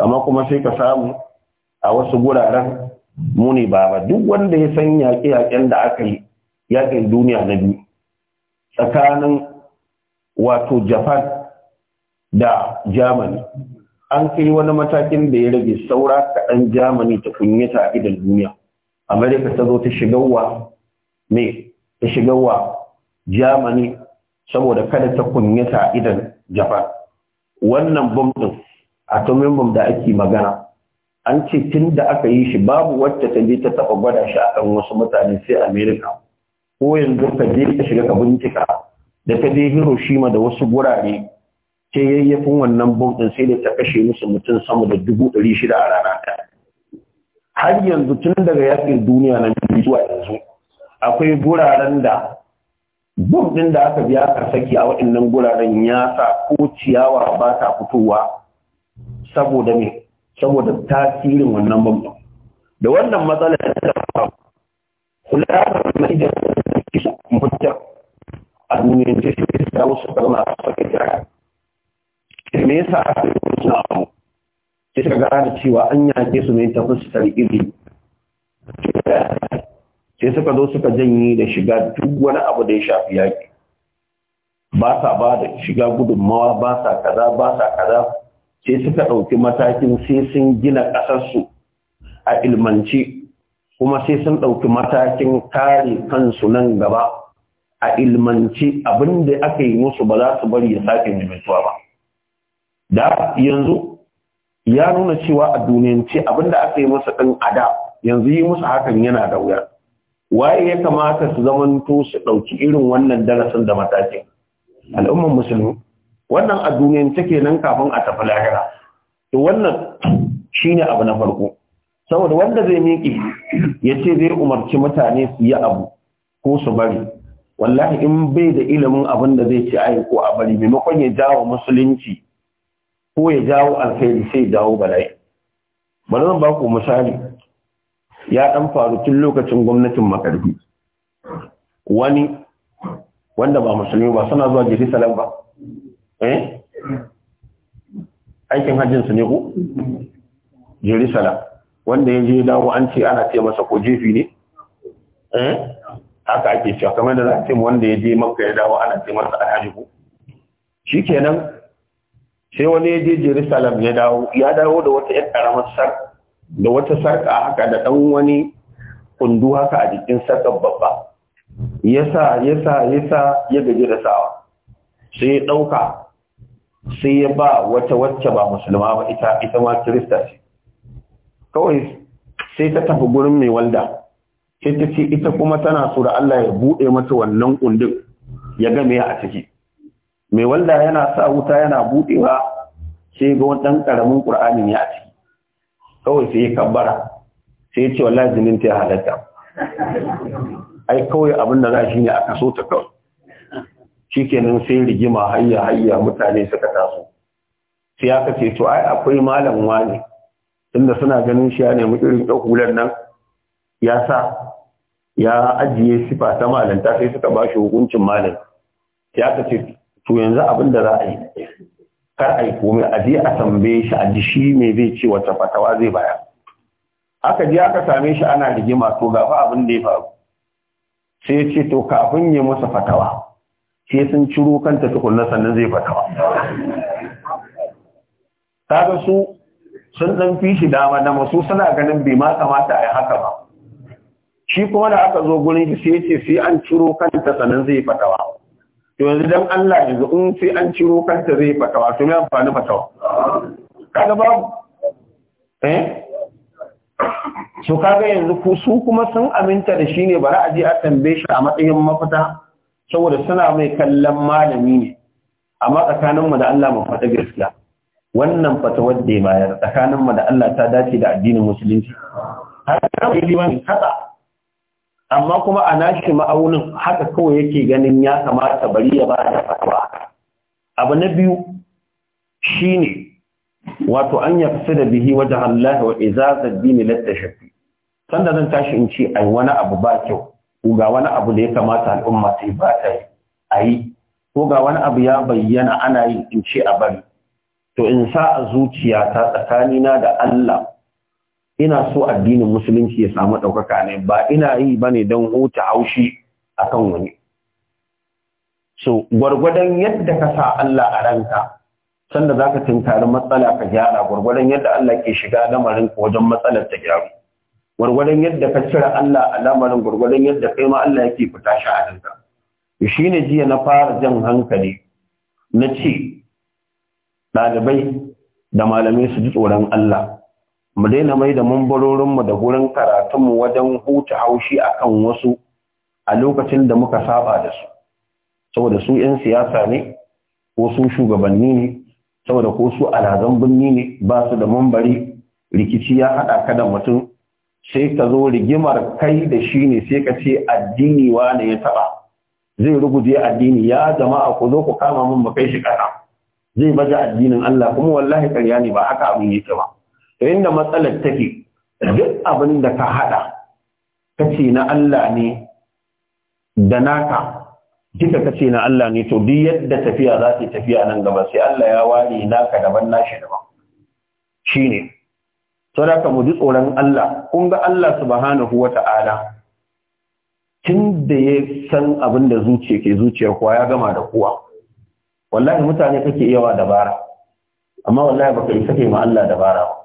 amma kuma sai ka samu a wasu guraren mu ne ba duk wanda ya san yaƙe-yaƙen da aka yi yaƙin duniya na biyu tsakanin wato japan da Germany an kai wani matakin da ya rage saura kaɗan Germany ta kunyata a idan duniya America ta zo ta shigarwa ne, ta shigarwa Germany saboda kada ta kunyata a idan Japan wannan bomb a atomin bomb da ake magana an ce tun da aka yi shi babu wacce ta je ta taɓa gwada shi akan wasu mutane sai America ko yanzu ka je ka shiga ka bincika da ka je Hiroshima da wasu gurare sai yayyafin wannan bom ɗin sai da ta kashe musu mutum sama da dubu ɗari shida a rana ta. har yanzu tun daga yakin duniya nan biyu zuwa yanzu akwai guraren da bom ɗin da aka biya ka saki a waɗannan guraren ya sa ko ciyawa ba ta fitowa saboda me saboda tasirin wannan bom ɗin da wannan matsalar da ta kula da mai da mutum a duniyar jirgin da wasu karna a sakin jirgin me yasa aka yi wasu abu sai suka gara da cewa an yake su ne ta fuskar iri sai suka zo suka janye da shiga duk wani abu da ya shafi yaƙi ba sa ba da shiga gudunmawa ba sa kaza ba sa kaza sai suka ɗauki matakin sai sun gina ƙasarsu a ilmance kuma sai sun ɗauki matakin kare kansu nan gaba a ilmance abin da aka yi musu ba za su bari ya sake maimaituwa ba da yanzu ya nuna cewa a duniyance abinda aka yi masa ɗin ada yanzu yi musu hakan yana da wuya waye ya kamata su zamanto su ɗauki irin wannan darasin da matakin al'umman musulmi wannan a duniyance kenan kafin a tafi lahira to wannan shine abu na farko saboda wanda zai miƙi ya ce zai umarci mutane su yi abu ko su bari wallahi in bai da ilimin abin da zai ci ayi ko a bari maimakon ya jawo musulunci ko ya jawo alkhairi sai ya jawo bala'i bari zan baku misali ya dan faru tun lokacin gwamnatin makarfi wani wanda ba musulmi ba suna zuwa salam ba eh aikin hajjin su ne ku salam. wanda ya je dawo an ce ana ce masa ko jefi ne eh haka ake cewa kamar da za a ce wanda ya je makka ya dawo ana ce masa alhaji ku shikenan sai wani ya je jerusalem ya dawo ya dawo da wata yan karamar sarka da wata sarka haka da dan wani kundu haka a jikin sarkar babba Ya sa ya sa ya sa ya gaji da sawa sai ya dauka sai ya ba wata wacce ba musulma ba ita ita ma kirista ce kawai sai ta tafi gurin mai walda sai ta ce ita kuma tana so da Allah ya buɗe mata wannan kundin ya game a ciki mai wanda yana sa wuta yana buɗewa sai ga wani ɗan ƙaramin ƙur'anin ya ci kawai sai ya kabbara sai ya ce wallahi jinin ta halatta ai kawai abin da za shi ne a kaso ta kawai shi kenan sai rigima hayya hayya mutane suka taso sai aka ce to ai akwai malam wani inda suna ganin shi ya nemi irin ɗan hular nan ya sa ya ajiye sifa ta malanta sai suka ba shi hukuncin malam sai aka ce to yanzu abin da za a yi kar a yi komai a je a tambaye shi a ji shi me zai ce wata fatawa zai baya aka je aka same shi ana rigima to ga fa abin da ya faru sai ce to kafin ya musu fatawa sai sun ciro kanta tukunna sannan zai fatawa kaga su sun dan fi shi dama dama su suna ganin bai ma kamata a haka ba shi kuma da aka zo gurin shi sai ce sai an ciro kanta sannan zai fatawa yanzu don Allah yanzu in sai an ciro kanta zai fata to mai amfani fatawa kaga babu eh so kaga yanzu ku su kuma sun aminta da shi ne bari a je a tambaye shi a matsayin mafita saboda suna mai kallon malami ne amma tsakaninmu da Allah mu faɗa gaskiya wannan fatawar da bayar tsakaninmu da Allah ta dace da addinin musulunci har yi limamin kasa. amma kuma a nashi ma'aunin haka kawai yake ganin ya kamata bari ya ba da fatwa. abu na biyu shine wato an fasa da bihi wajen Allah wa izaza dini shafi sanda zan tashi in ce ai wani abu ba kyau ko ga wani abu da ya kamata al'umma sai ba ta yi ayi ko ga wani abu ya bayyana ana yi in ce a bari to in sa a zuciya ta tsakanina da Allah ina so addinin musulunci ya samu ɗaukaka ne ba ina yi ba ne don huta haushi akan wani so gwargwadon yadda ka sa Allah a ranka sanda za ka tunkari matsala ka gyara gwargwadon yadda Allah ke shiga lamarin wajen matsalar ta gyaru gwargwadon yadda ka cire Allah a lamarin gwargwadon yadda kai ma Allah yake fita shi a ranka shi ne jiya na fara jan hankali na ce ɗalibai da malamai su ji tsoron Allah mu daina mai da mu da gurin mu wajen huta haushi akan wasu a lokacin da muka saba da su saboda su 'yan siyasa ne ko su shugabanni ne saboda ko su alhazan birni ne ba su da mambari rikici ya haɗa ka da mutum sai ka zo rigimar kai da shi ne sai ka ce addini wane ya taɓa zai ruguje addini ya jama'a ku zo ku kama mun mu kai shi ƙasa zai baje addinin Allah kuma wallahi ƙarya ne ba haka abin yake ba to inda matsalar take duk abin da ka haɗa kace na Allah ne da naka duka kace na Allah ne to duk yadda tafiya za ta tafiya nan gaba sai Allah ya ware naka daban nashi daban shine saboda mu ji tsoron Allah kun ga Allah subhanahu wata'ala tun da ya san abin da zuciya ke zuciyar kowa ya gama da kowa wallahi mutane kake yawa dabara amma wallahi baka yi sake ma Allah dabara ba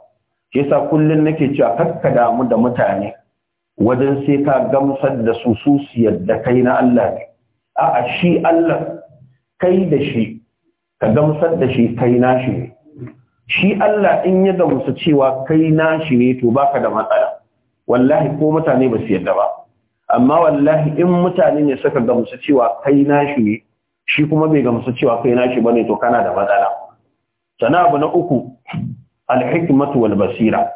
yasa kullum nake cewa kakka damu da mutane wajen sai ka gamsar da su su yadda kai na Allah ne a'a shi Allah kai da shi ka gamsar da shi kai na shi ne shi Allah in ya gamsu cewa kai na shi ne to baka da matsala wallahi ko mutane ba su yadda ba amma wallahi in mutane ne suka gamsu cewa kai na shi ne shi kuma bai gamsu cewa kai na shi bane to kana da matsala sana abu na uku alhikmatu wal basira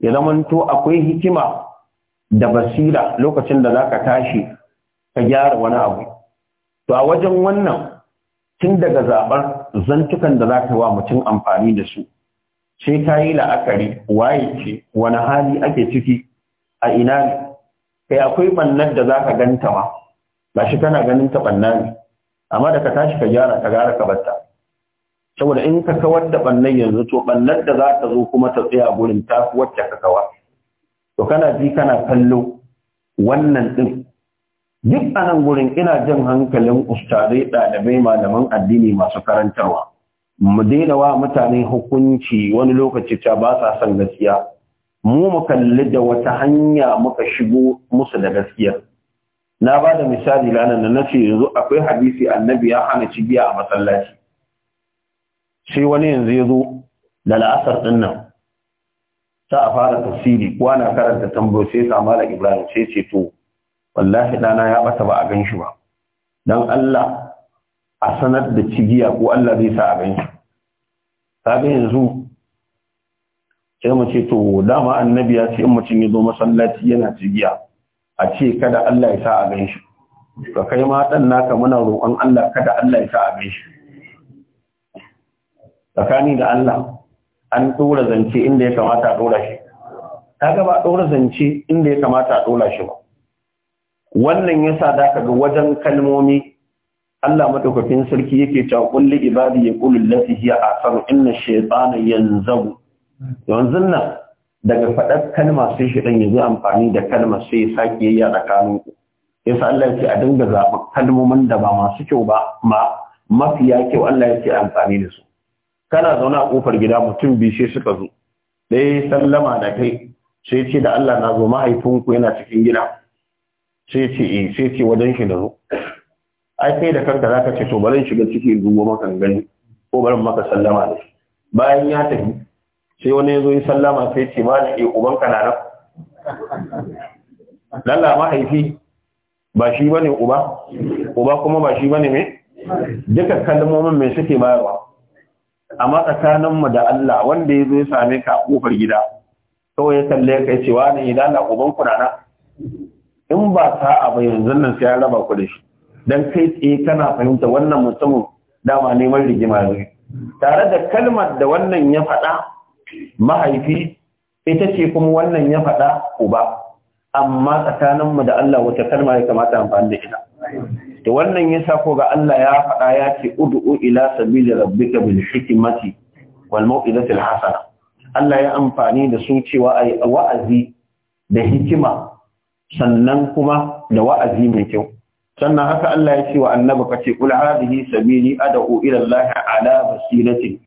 ya zamanto akwai hikima da basira lokacin da zaka tashi ka gyara wani abu to a wajen wannan tun daga zabar zantukan da zaka wa mutum amfani da su sai ta yi la'akari waye ce wani hali ake ciki a ina ne kai akwai bannar da zaka ganta ma ba shi kana ganin ta banna ne amma da ka tashi ka gyara ka gara ka batta saboda in ka kawar da ɓannan yanzu to ɓannan da za ta zo kuma ta tsaya gurin ta fi wacce ka kawa to kana ji kana kallo wannan ɗin duk a nan gurin ina jan hankalin ustare ɗalibai malaman addini masu karantarwa mu daina wa mutane hukunci wani lokaci ta ba sa son gaskiya mu mu kalli da wata hanya muka shigo musu da gaskiya na ba da misali ranar na ce yanzu akwai hadisi annabi ya hana cibiya a masallaci sai wani yanzu ya zo da la'asar ɗin nan ta a fara tafsiri kuwa na karanta tambayo sai sama da ibrahim sai ce to wallahi ɗana ya ɓata ba a gan shi ba don allah a sanar da cigiya ko allah zai sa a gan shi kaga yanzu sai mu ce to dama annabi ya ce in mutum ya zo masallaci yana cigiya a ce kada allah ya sa a gan shi ka kai ma ɗan naka muna roƙon allah kada allah ya sa a gan shi tsakani da Allah an ɗora zance inda ya kamata a ɗora shi ta gaba ɗora zance inda ya kamata a ɗora shi ba wannan ya sa da ga wajen kalmomi Allah madaukakin sarki yake cewa kulli ibadi ya kullu lati hiya asar inna shaytana yanzabu yanzu nan daga faɗar kalma sai shi dan yanzu amfani da kalma sai sake yayya tsakanin ku yasa Allah ya ce a dinga zaɓa kalmomin da ba masu kyau ba ma mafiya kyau Allah ya yake amfani da su kana zaune a kofar gida mutum biyu sai suka zo ɗaya sallama da kai sai ce da Allah na zo mahaifinku yana cikin gida sai ce eh sai ce wajen shi da zo ai kai da kanka zaka ce to bari in shiga ciki dubo maka gani ko bari maka sallama da shi bayan ya tafi sai wani ya zo ya sallama sai ce ma ni eh, uban ka na nan lalla mahaifi ba shi bane uba uba kuma ba shi bane me duka kalmomin me suke bayarwa amma tsakaninmu da Allah wanda ya zo ya same ka a kofar gida kawai ya kalle ka ce wa ne idan na uban ku in ba sa'a ba yanzu nan sai ya raba ku da shi dan kai tsaye kana fahimta wannan mutumin dama neman rigima ne tare da kalmar da wannan ya faɗa mahaifi ita ce kuma wannan ya faɗa uba amma tsakaninmu da Allah wata kalma ya kamata amfani da ita Da wannan yasa ko ga Allah ya faɗa ya ce ud'u ila sabili rabbika bil hikmati wal mau'izati al Allah ya amfani da su cewa ai wa'azi da hikima sannan kuma da wa'azi mai kyau sannan haka Allah ya ce wa annabi kace kul hadhihi sabili ad'u ila Allah ala basirati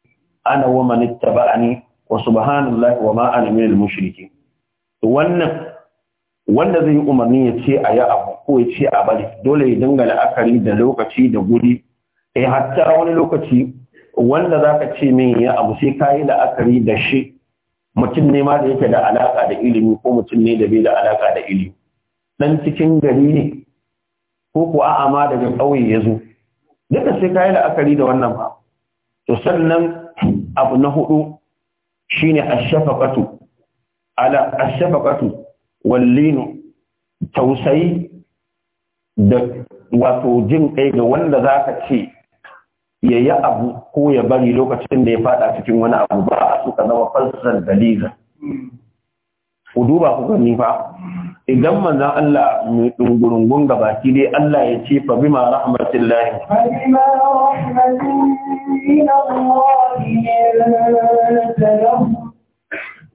ana wa man ittaba'ani wa subhanallahi wa ma ana minal mushrikin wannan wanda zai yi umarni ya ce a yi abu ko ya ce a bari dole ya dinga la'akari da lokaci da guri eh hatta wani lokaci wanda za ka ce min ya abu sai ka yi la'akari da shi mutum ne ma da yake da alaƙa da ilimi ko mutum ne da bai da alaƙa da ilimi Dan cikin gari ne ko ko a'a ma daga ƙauye ya zo duka sai ka yi la'akari da wannan ba to sannan abu na hudu shine ashafaqatu ala ashafaqatu wallinu tausayi da wato jin kai ga wanda za ka ce ya yi abu ko ya bari lokacin da ya fada cikin wani abu ba a suka zama falsar daliza ku duba ku gani fa idan manzan Allah mai dungurungun ga baki dai Allah ya ce fa bima rahmatin lahi bima rahmatin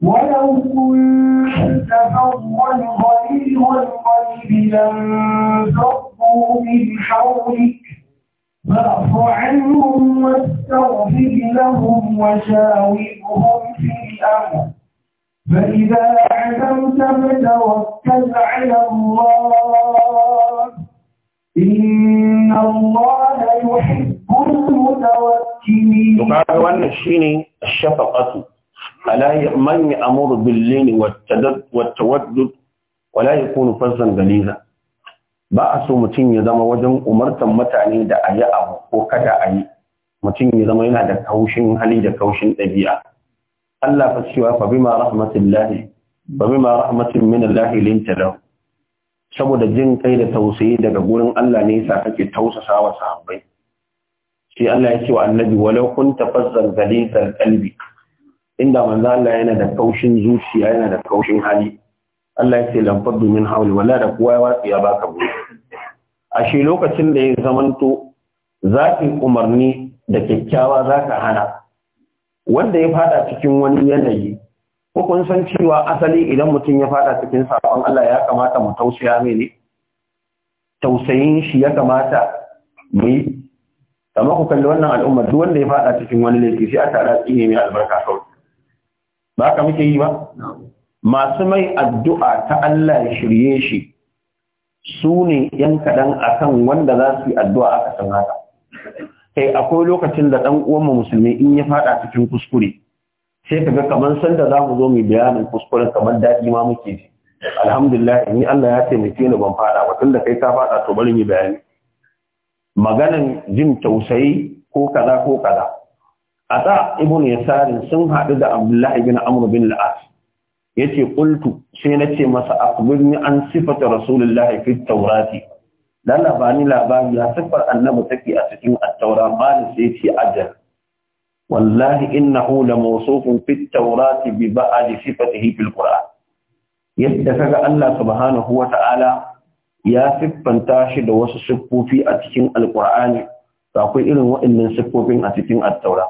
ولو كنت فضلا غليظ القلب لانفضوا من حولك فاعف عنهم واستغفر لهم وشاورهم في الامر فاذا عزمت فتوكل على الله ان الله يحب المتوكلين. وهذا الشفقه ala man ya'muru bil lini wat tawaddud wala yakunu fazzan galiza ba a so mutum ya zama wajen umartan mutane da a yi abu ko kada yi, mutum ya zama yana da kaushin hali da kaushin ɗabi'a Allah fa cewa fa bima rahmatillahi fa bima rahmatin min Allah linta lahu saboda jin kai da tausayi daga gurin Allah ne sa kake tausasa wa sahabbai sai Allah ya ce wa annabi walau kunta fazzan galizal qalbi inda manzo Allah yana da kaushin zuciya yana da kaushin hali Allah ya ce lamfaddu min hawli wala da kowa ya watsi ya baka bu ashe lokacin da ya zamanto zaki umarni da kyakkyawa zaka hana wanda ya fada cikin wani yanayi ko kun san cewa asali idan mutum ya fada cikin sabon Allah ya kamata mu tausaya mai ne tausayin shi ya kamata mu yi kamar ku kalli wannan al'umma duk wanda ya fada cikin wani laifi sai a tara tsine mai albarka kawai ba ka muke yi ba masu mai addu'a ta Allah ya shirye shi su ne ‘yan kaɗan a kan wanda za su yi addu'a a san haka. Kai akwai lokacin da ɗan uwanmu musulmi in ya fada cikin kuskure, sai ka ga kamar sanda za mu zo mu bayanin kuskure kamar daɗi ma muke ji. Alhamdulillah, ni Allah ya taimake ni ban faɗa ba tun da kai ka fada to bari mu bayani. Maganan jin tausayi ko kaza ko kaza. ata ibn yasarin sun haɗu da abdullahi bin amr bin La'as, yace qultu sai na ce masa akhbirni an sifata rasulullahi fi tawrati dan labani labari ya sifar annabi take a cikin at-taura qala sai yace ajal wallahi innahu la mawsufun fi tawrati bi ba'd sifatihi fil qur'an yadda kaga Allah subhanahu wa ta'ala ya siffanta shi da wasu siffofi a cikin alqur'ani akwai irin waɗannan siffofin a cikin at-taura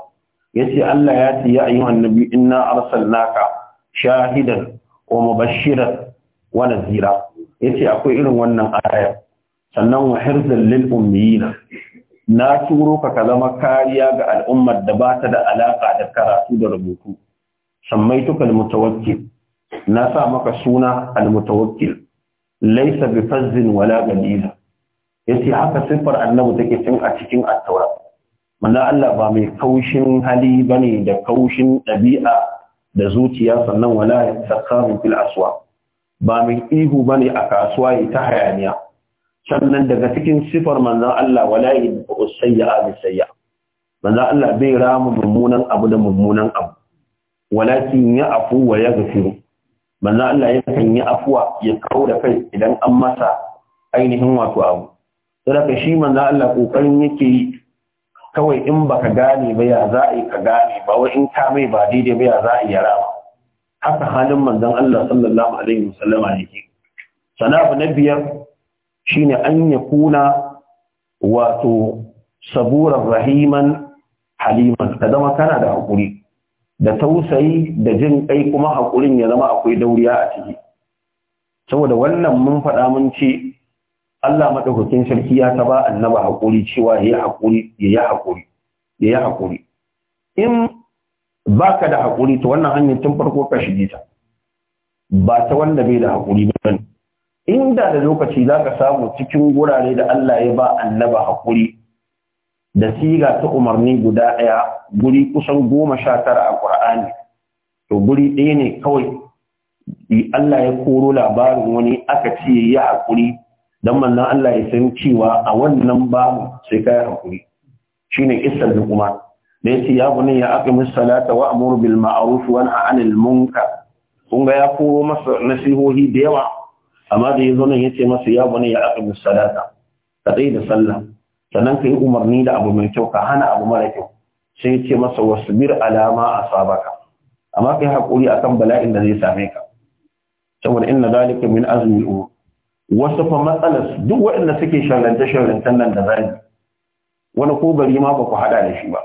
yace Allah ya ce ya ayyuhan nabi inna arsalnaka shahidan wa mubashiran wa nadhira yace akwai irin wannan aya sannan wa hirzan lil ummiyina na turo ka ka zama kariya ga al'ummar da ba ta da alaka da karatu da rubutu sammaituka al-mutawakkil na sa maka suna almutawakkil mutawakkil laysa bi fazzin wala galila yace haka sifar annabi take cin a cikin at-taurat manzan Allah ba mai kaushin hali ne da kaushin ɗabi'a da zuciya sannan wala sakkarun fil aswa ba mai ihu bane a kasuwa ya ta hayaniya sannan daga cikin sifar manzan Allah wala yi sayya'a a sayya'a manzan Allah bai ramu mummunan abu da mummunan abu walakin ya afu wa ya gafiru manzan Allah yakan yi afuwa ya kawo da kai idan an masa ainihin wato abu. Sadaka shi manzan Allah kokarin yake yi kawai in ba ka gane ba ya za a yi ka gane ba wai in ka mai ba daidai ba ya za a yi yara ba haka halin manzon Allah sallallahu alaihi wasallam yake sanabu na biyar shine an ya kuna wato saburan rahiman haliman ka zama kana da haƙuri. da tausayi da jin kai kuma hakurin ya zama akwai dauriya a ciki saboda wannan mun faɗa mun ce Allah madaukakin sarki ya taba annaba hakuri cewa yayi hakuri yayi hakuri yayi hakuri in baka da hakuri to wannan hanyar tun farko ka shige ta ba ta wanda bai da hakuri ba inda da lokaci zaka samu cikin gurare da Allah ya ba annaba hakuri da siga ta umarni guda daya guri kusan goma sha tara a Qur'ani to guri ɗaya ne kawai Allah ya koro labarin wani aka ce ya hakuri dan manzon Allah ya san cewa a wannan babu sai kayi hakuri shine kissar da kuma da yace ya bunni ya aqimis salata wa amur bil ma'ruf wa nahy anil munkar kun ga ya koro masa nasihohi da yawa amma da yazo nan ce masa ya bunni ya aqimis salata ka tsaya da sallah sannan yi umarni da abu mai kyau ka hana abu mara kyau sai yace masa wasbir alama a asabaka amma yi hakuri akan bala'in da zai same ka saboda inna zalika min azmi al wasu fa matsalas duk waɗanda suke shalanta-shalantan nan da zani wani ko bari ma ba ku haɗa da shi ba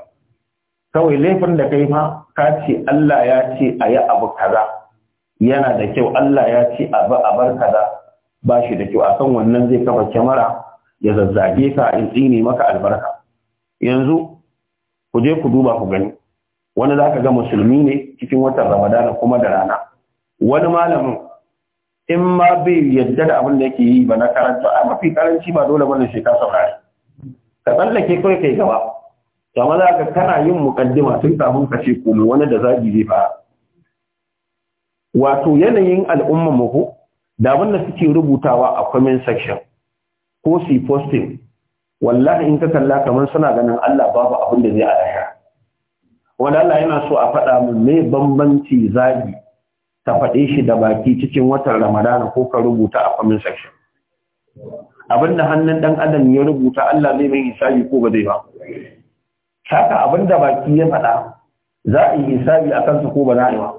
kawai laifin da kai ma ka ce Allah ya ce a yi abu kaza yana da kyau Allah ya ce a bar kaza ba shi da kyau a kan wannan zai kafa kyamara ya zazzage ka in tsine maka albarka yanzu ku je ku duba ku gani wani za ka ga musulmi ne cikin watan ramadana kuma da rana wani malamin in ma bai yadda da abin da yake yi ba na karanta a mafi karanci ba dole bane shi ka saurari ka tsallake kai kai gaba kamar za ka kana yin mukaddima tun kafin ka ce komai wani da zagi zai fara wato yanayin al'umma mu ko da abin da suke rubutawa a comment section ko su posting wallahi in ka kalla kamar suna ganin Allah babu abin da zai a wanda Allah yana so a faɗa min me bambanci zagi Ta faɗe shi da baki cikin watan ramadana ko ka rubuta a comment section abinda hannun dan adam ya rubuta Allah zai mai hisabi ko ba zai ba haka abinda baki ya faɗa za a yi hisabi a kansa ko ba za a yi ba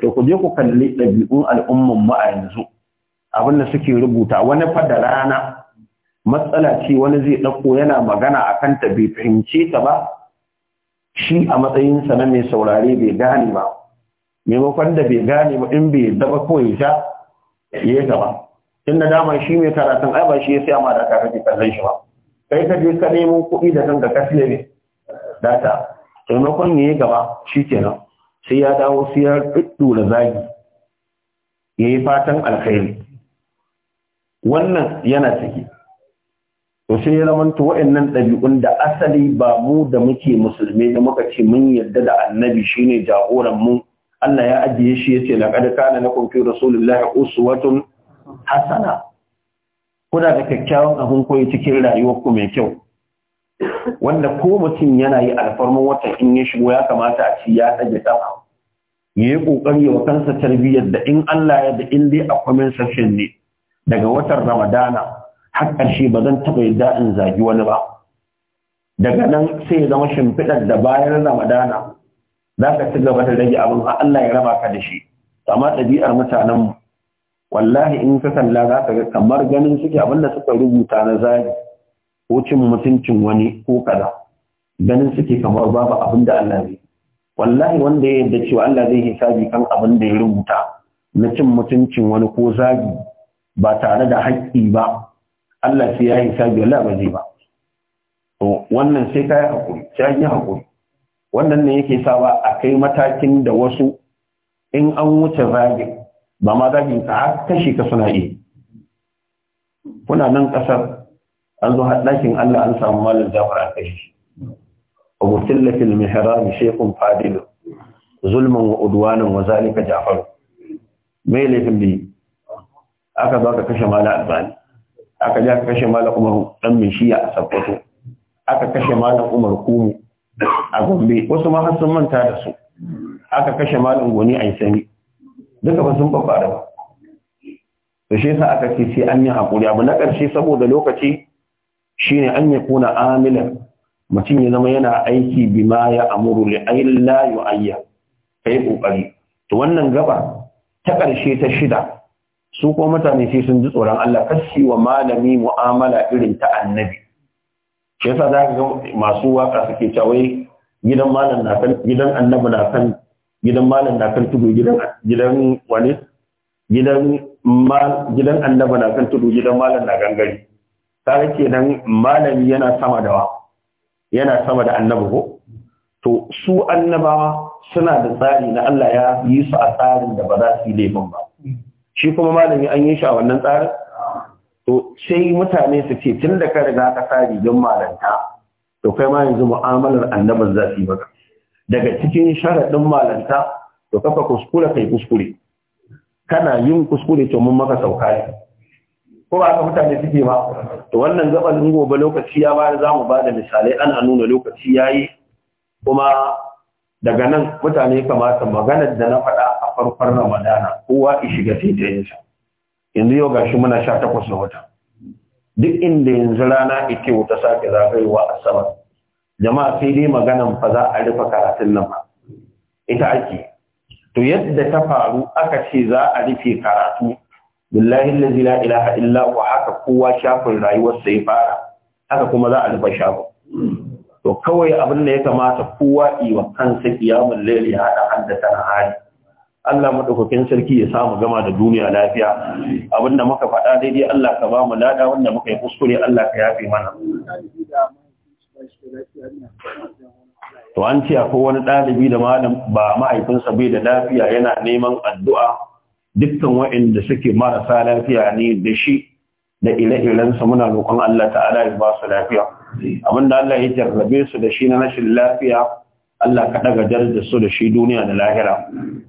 to ku je ku kalli ɗabi'un al'umman mu a yanzu abinda suke rubuta wani fada rana matsala ce wani zai ɗauko yana magana a kanta bai fahimce ta ba shi a matsayinsa na mai saurare bai gane ba maimakon da bai gane ba in bai daba ko ya sha ya yi gaba In na dama shi mai karatun ai ba shi ya siya ma da ka kake kallon shi ba kai ka je ka nemo kuɗi da kanka ka siya ne data maimakon ya yi gaba shi kenan sai ya dawo sai ya da zagi ya yi fatan alkhairi wannan yana ciki to sai ya zamanta waɗannan ɗabi'un da asali ba mu da muke musulmi da muka ce mun yarda da annabi shine jagoran mu Allah ya ajiye shi yace laqad kana lakum fi rasulillahi uswatun hasana kuna da kyakkyawan abin koyi cikin rayuwarku mai kyau wanda ko mutum yana yi alfarman wata in ya shigo ya kamata a ci ya ɗage ƙafa ya yi wa kansa tarbiyyar da in Allah ya da in dai a kwamin sashen ne daga watan Ramadana har ƙarshe ba zan taɓa yadda in zagi wani ba daga nan sai ya zama shimfiɗar da bayan Ramadana za ka ci gaba da rage abin har Allah ya raba ka da shi amma ɗabi'ar mutanen mu wallahi in ka kalla za ka ga kamar ganin suke abin da suka rubuta na zagi ko cin mutuncin wani ko kaza ganin suke kamar babu abin da Allah zai wallahi wanda ya yarda cewa Allah zai hisabi kan abin da ya rubuta na cin mutuncin wani ko zagi ba tare da haƙƙi ba Allah sai ya hisabi Allah ba zai ba to wannan sai ka yi hakuri sai an yi hakuri wannan ne yake ba a kai matakin da wasu in an wuce zagin ba ma zagin ka kashi ka suna iya kuna nan kasar an zo haɗakin Allah an samu malin jafar a kashi abu tillafin mihrami shekun fadilu zulman wa udwanan wa zalika jafar mai laifin bi aka zo ka kashe mala albani aka ja ka kashe mala umar dan min shiya a sabbato. aka kashe mala umar kumu a gombe wasu ma sun manta da su aka kashe malin goni a sani duka ba sun babbara ba da shi yasa aka ce sai an yi hakuri abu na ƙarshe saboda lokaci shine an yi kuna amilan mutum ya zama yana aiki bi ma ya amuru li ayya ka yi kokari to wannan gaba ta ƙarshe ta shida su ko mutane sai sun ji tsoron Allah kashi wa malami mu'amala irin ta annabi shi yasa za ka ga masu waka suke cawai gidan malam na kan gidan annabi na kan gidan malam na kan tudu gidan gidan wani gidan ma gidan annabi na kan tudu gidan malam na gangare kaga kenan malami yana sama da yana sama da annabi ko to su annabawa suna da tsari na Allah ya yi su a tsarin da ba za su yi laifin ba shi kuma malami an yi shi a wannan tsarin to sai mutane su ce tun da ka riga ka sa rigar malanta to kai ma yanzu mu'amalar annabin za su yi maka daga cikin sharaɗin malanta to kafa kuskure kai kuskure kana yin kuskure to mun maka sauka ne ko ba ka mutane suke ba to wannan in gobe lokaci ya ba za mu ba da misalai ana nuna lokaci ya yi kuma daga nan mutane kamata maganar da na faɗa a farkon ramadana kowa ya shiga sai yanzu yau gashi muna sha takwas na wata duk inda yanzu rana ita wuta sake zagayewa a sama jama'a sai dai maganan fa za a rufe karatun nan ba ita ake to yadda ta faru aka ce za a rufe karatu billahi la ilaha illa wa haka kowa shafin rayuwar sai fara haka kuma za a rufe shafin to kawai abin da ya kamata kowa iwa kansa kiyamul layli hada hadda tana hali Allah maɗaukakin sarki ya samu gama da duniya lafiya abinda muka faɗa daidai Allah ka ba mu lada wanda muka yi kuskure Allah ka yafe mana to an ce akwai wani ɗalibi da malam ba mahaifinsa bai da lafiya yana neman addu'a dukkan waɗanda suke marasa lafiya ne da shi da ire-irensa muna roƙon Allah ta'ala ya ba su lafiya abinda Allah ya jarrabe su da shi na rashin lafiya Allah ka daga da su da shi duniya da lahira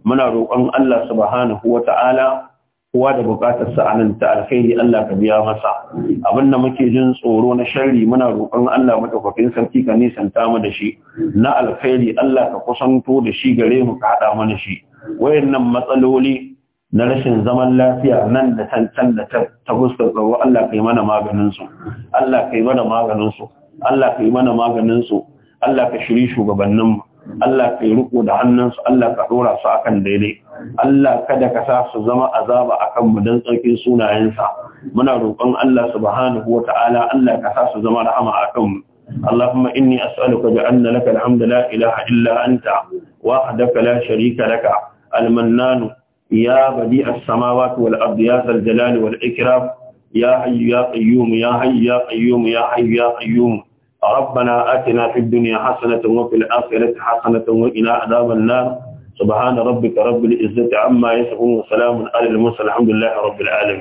muna roƙon Allah subhanahu ta'ala kowa da bukatar sa anan ta alkhairi Allah ka biya masa abin da muke jin tsoro na sharri muna roƙon Allah madaukakin sarki ka nisanta mu da shi na alkhairi Allah ka kusanto da shi gare mu ka haɗa mana shi wayannan matsaloli na rashin zaman lafiya nan da can da ta fuskar tsoro Allah ka yi mana maganin su Allah yi mana maganin su Allah yi mana maganin Allah ka shiri shugabannin Allah ka yi riko da hannunsu Allah ka dora su akan daidai Allah kada ka sa su zama azaba akan mu dan tsarkin sunayensa muna roƙon Allah subhanahu wata'ala Allah ka sa su zama rahama akan mu اللهم إني أسألك بأن لك الحمد لا إله إلا أنت وحدك لا شريك لك المنان يا بديع السماوات والأرض يا ذا الجلال والإكرام يا حي يا قيوم يا حي يا قيوم يا حي يا قيوم ربنا آتنا في الدنيا حسنة وفي الآخرة حسنة وإنا عذاب النار سبحان ربك رب العزة عما يصفون وسلام على المرسل الحمد لله رب العالمين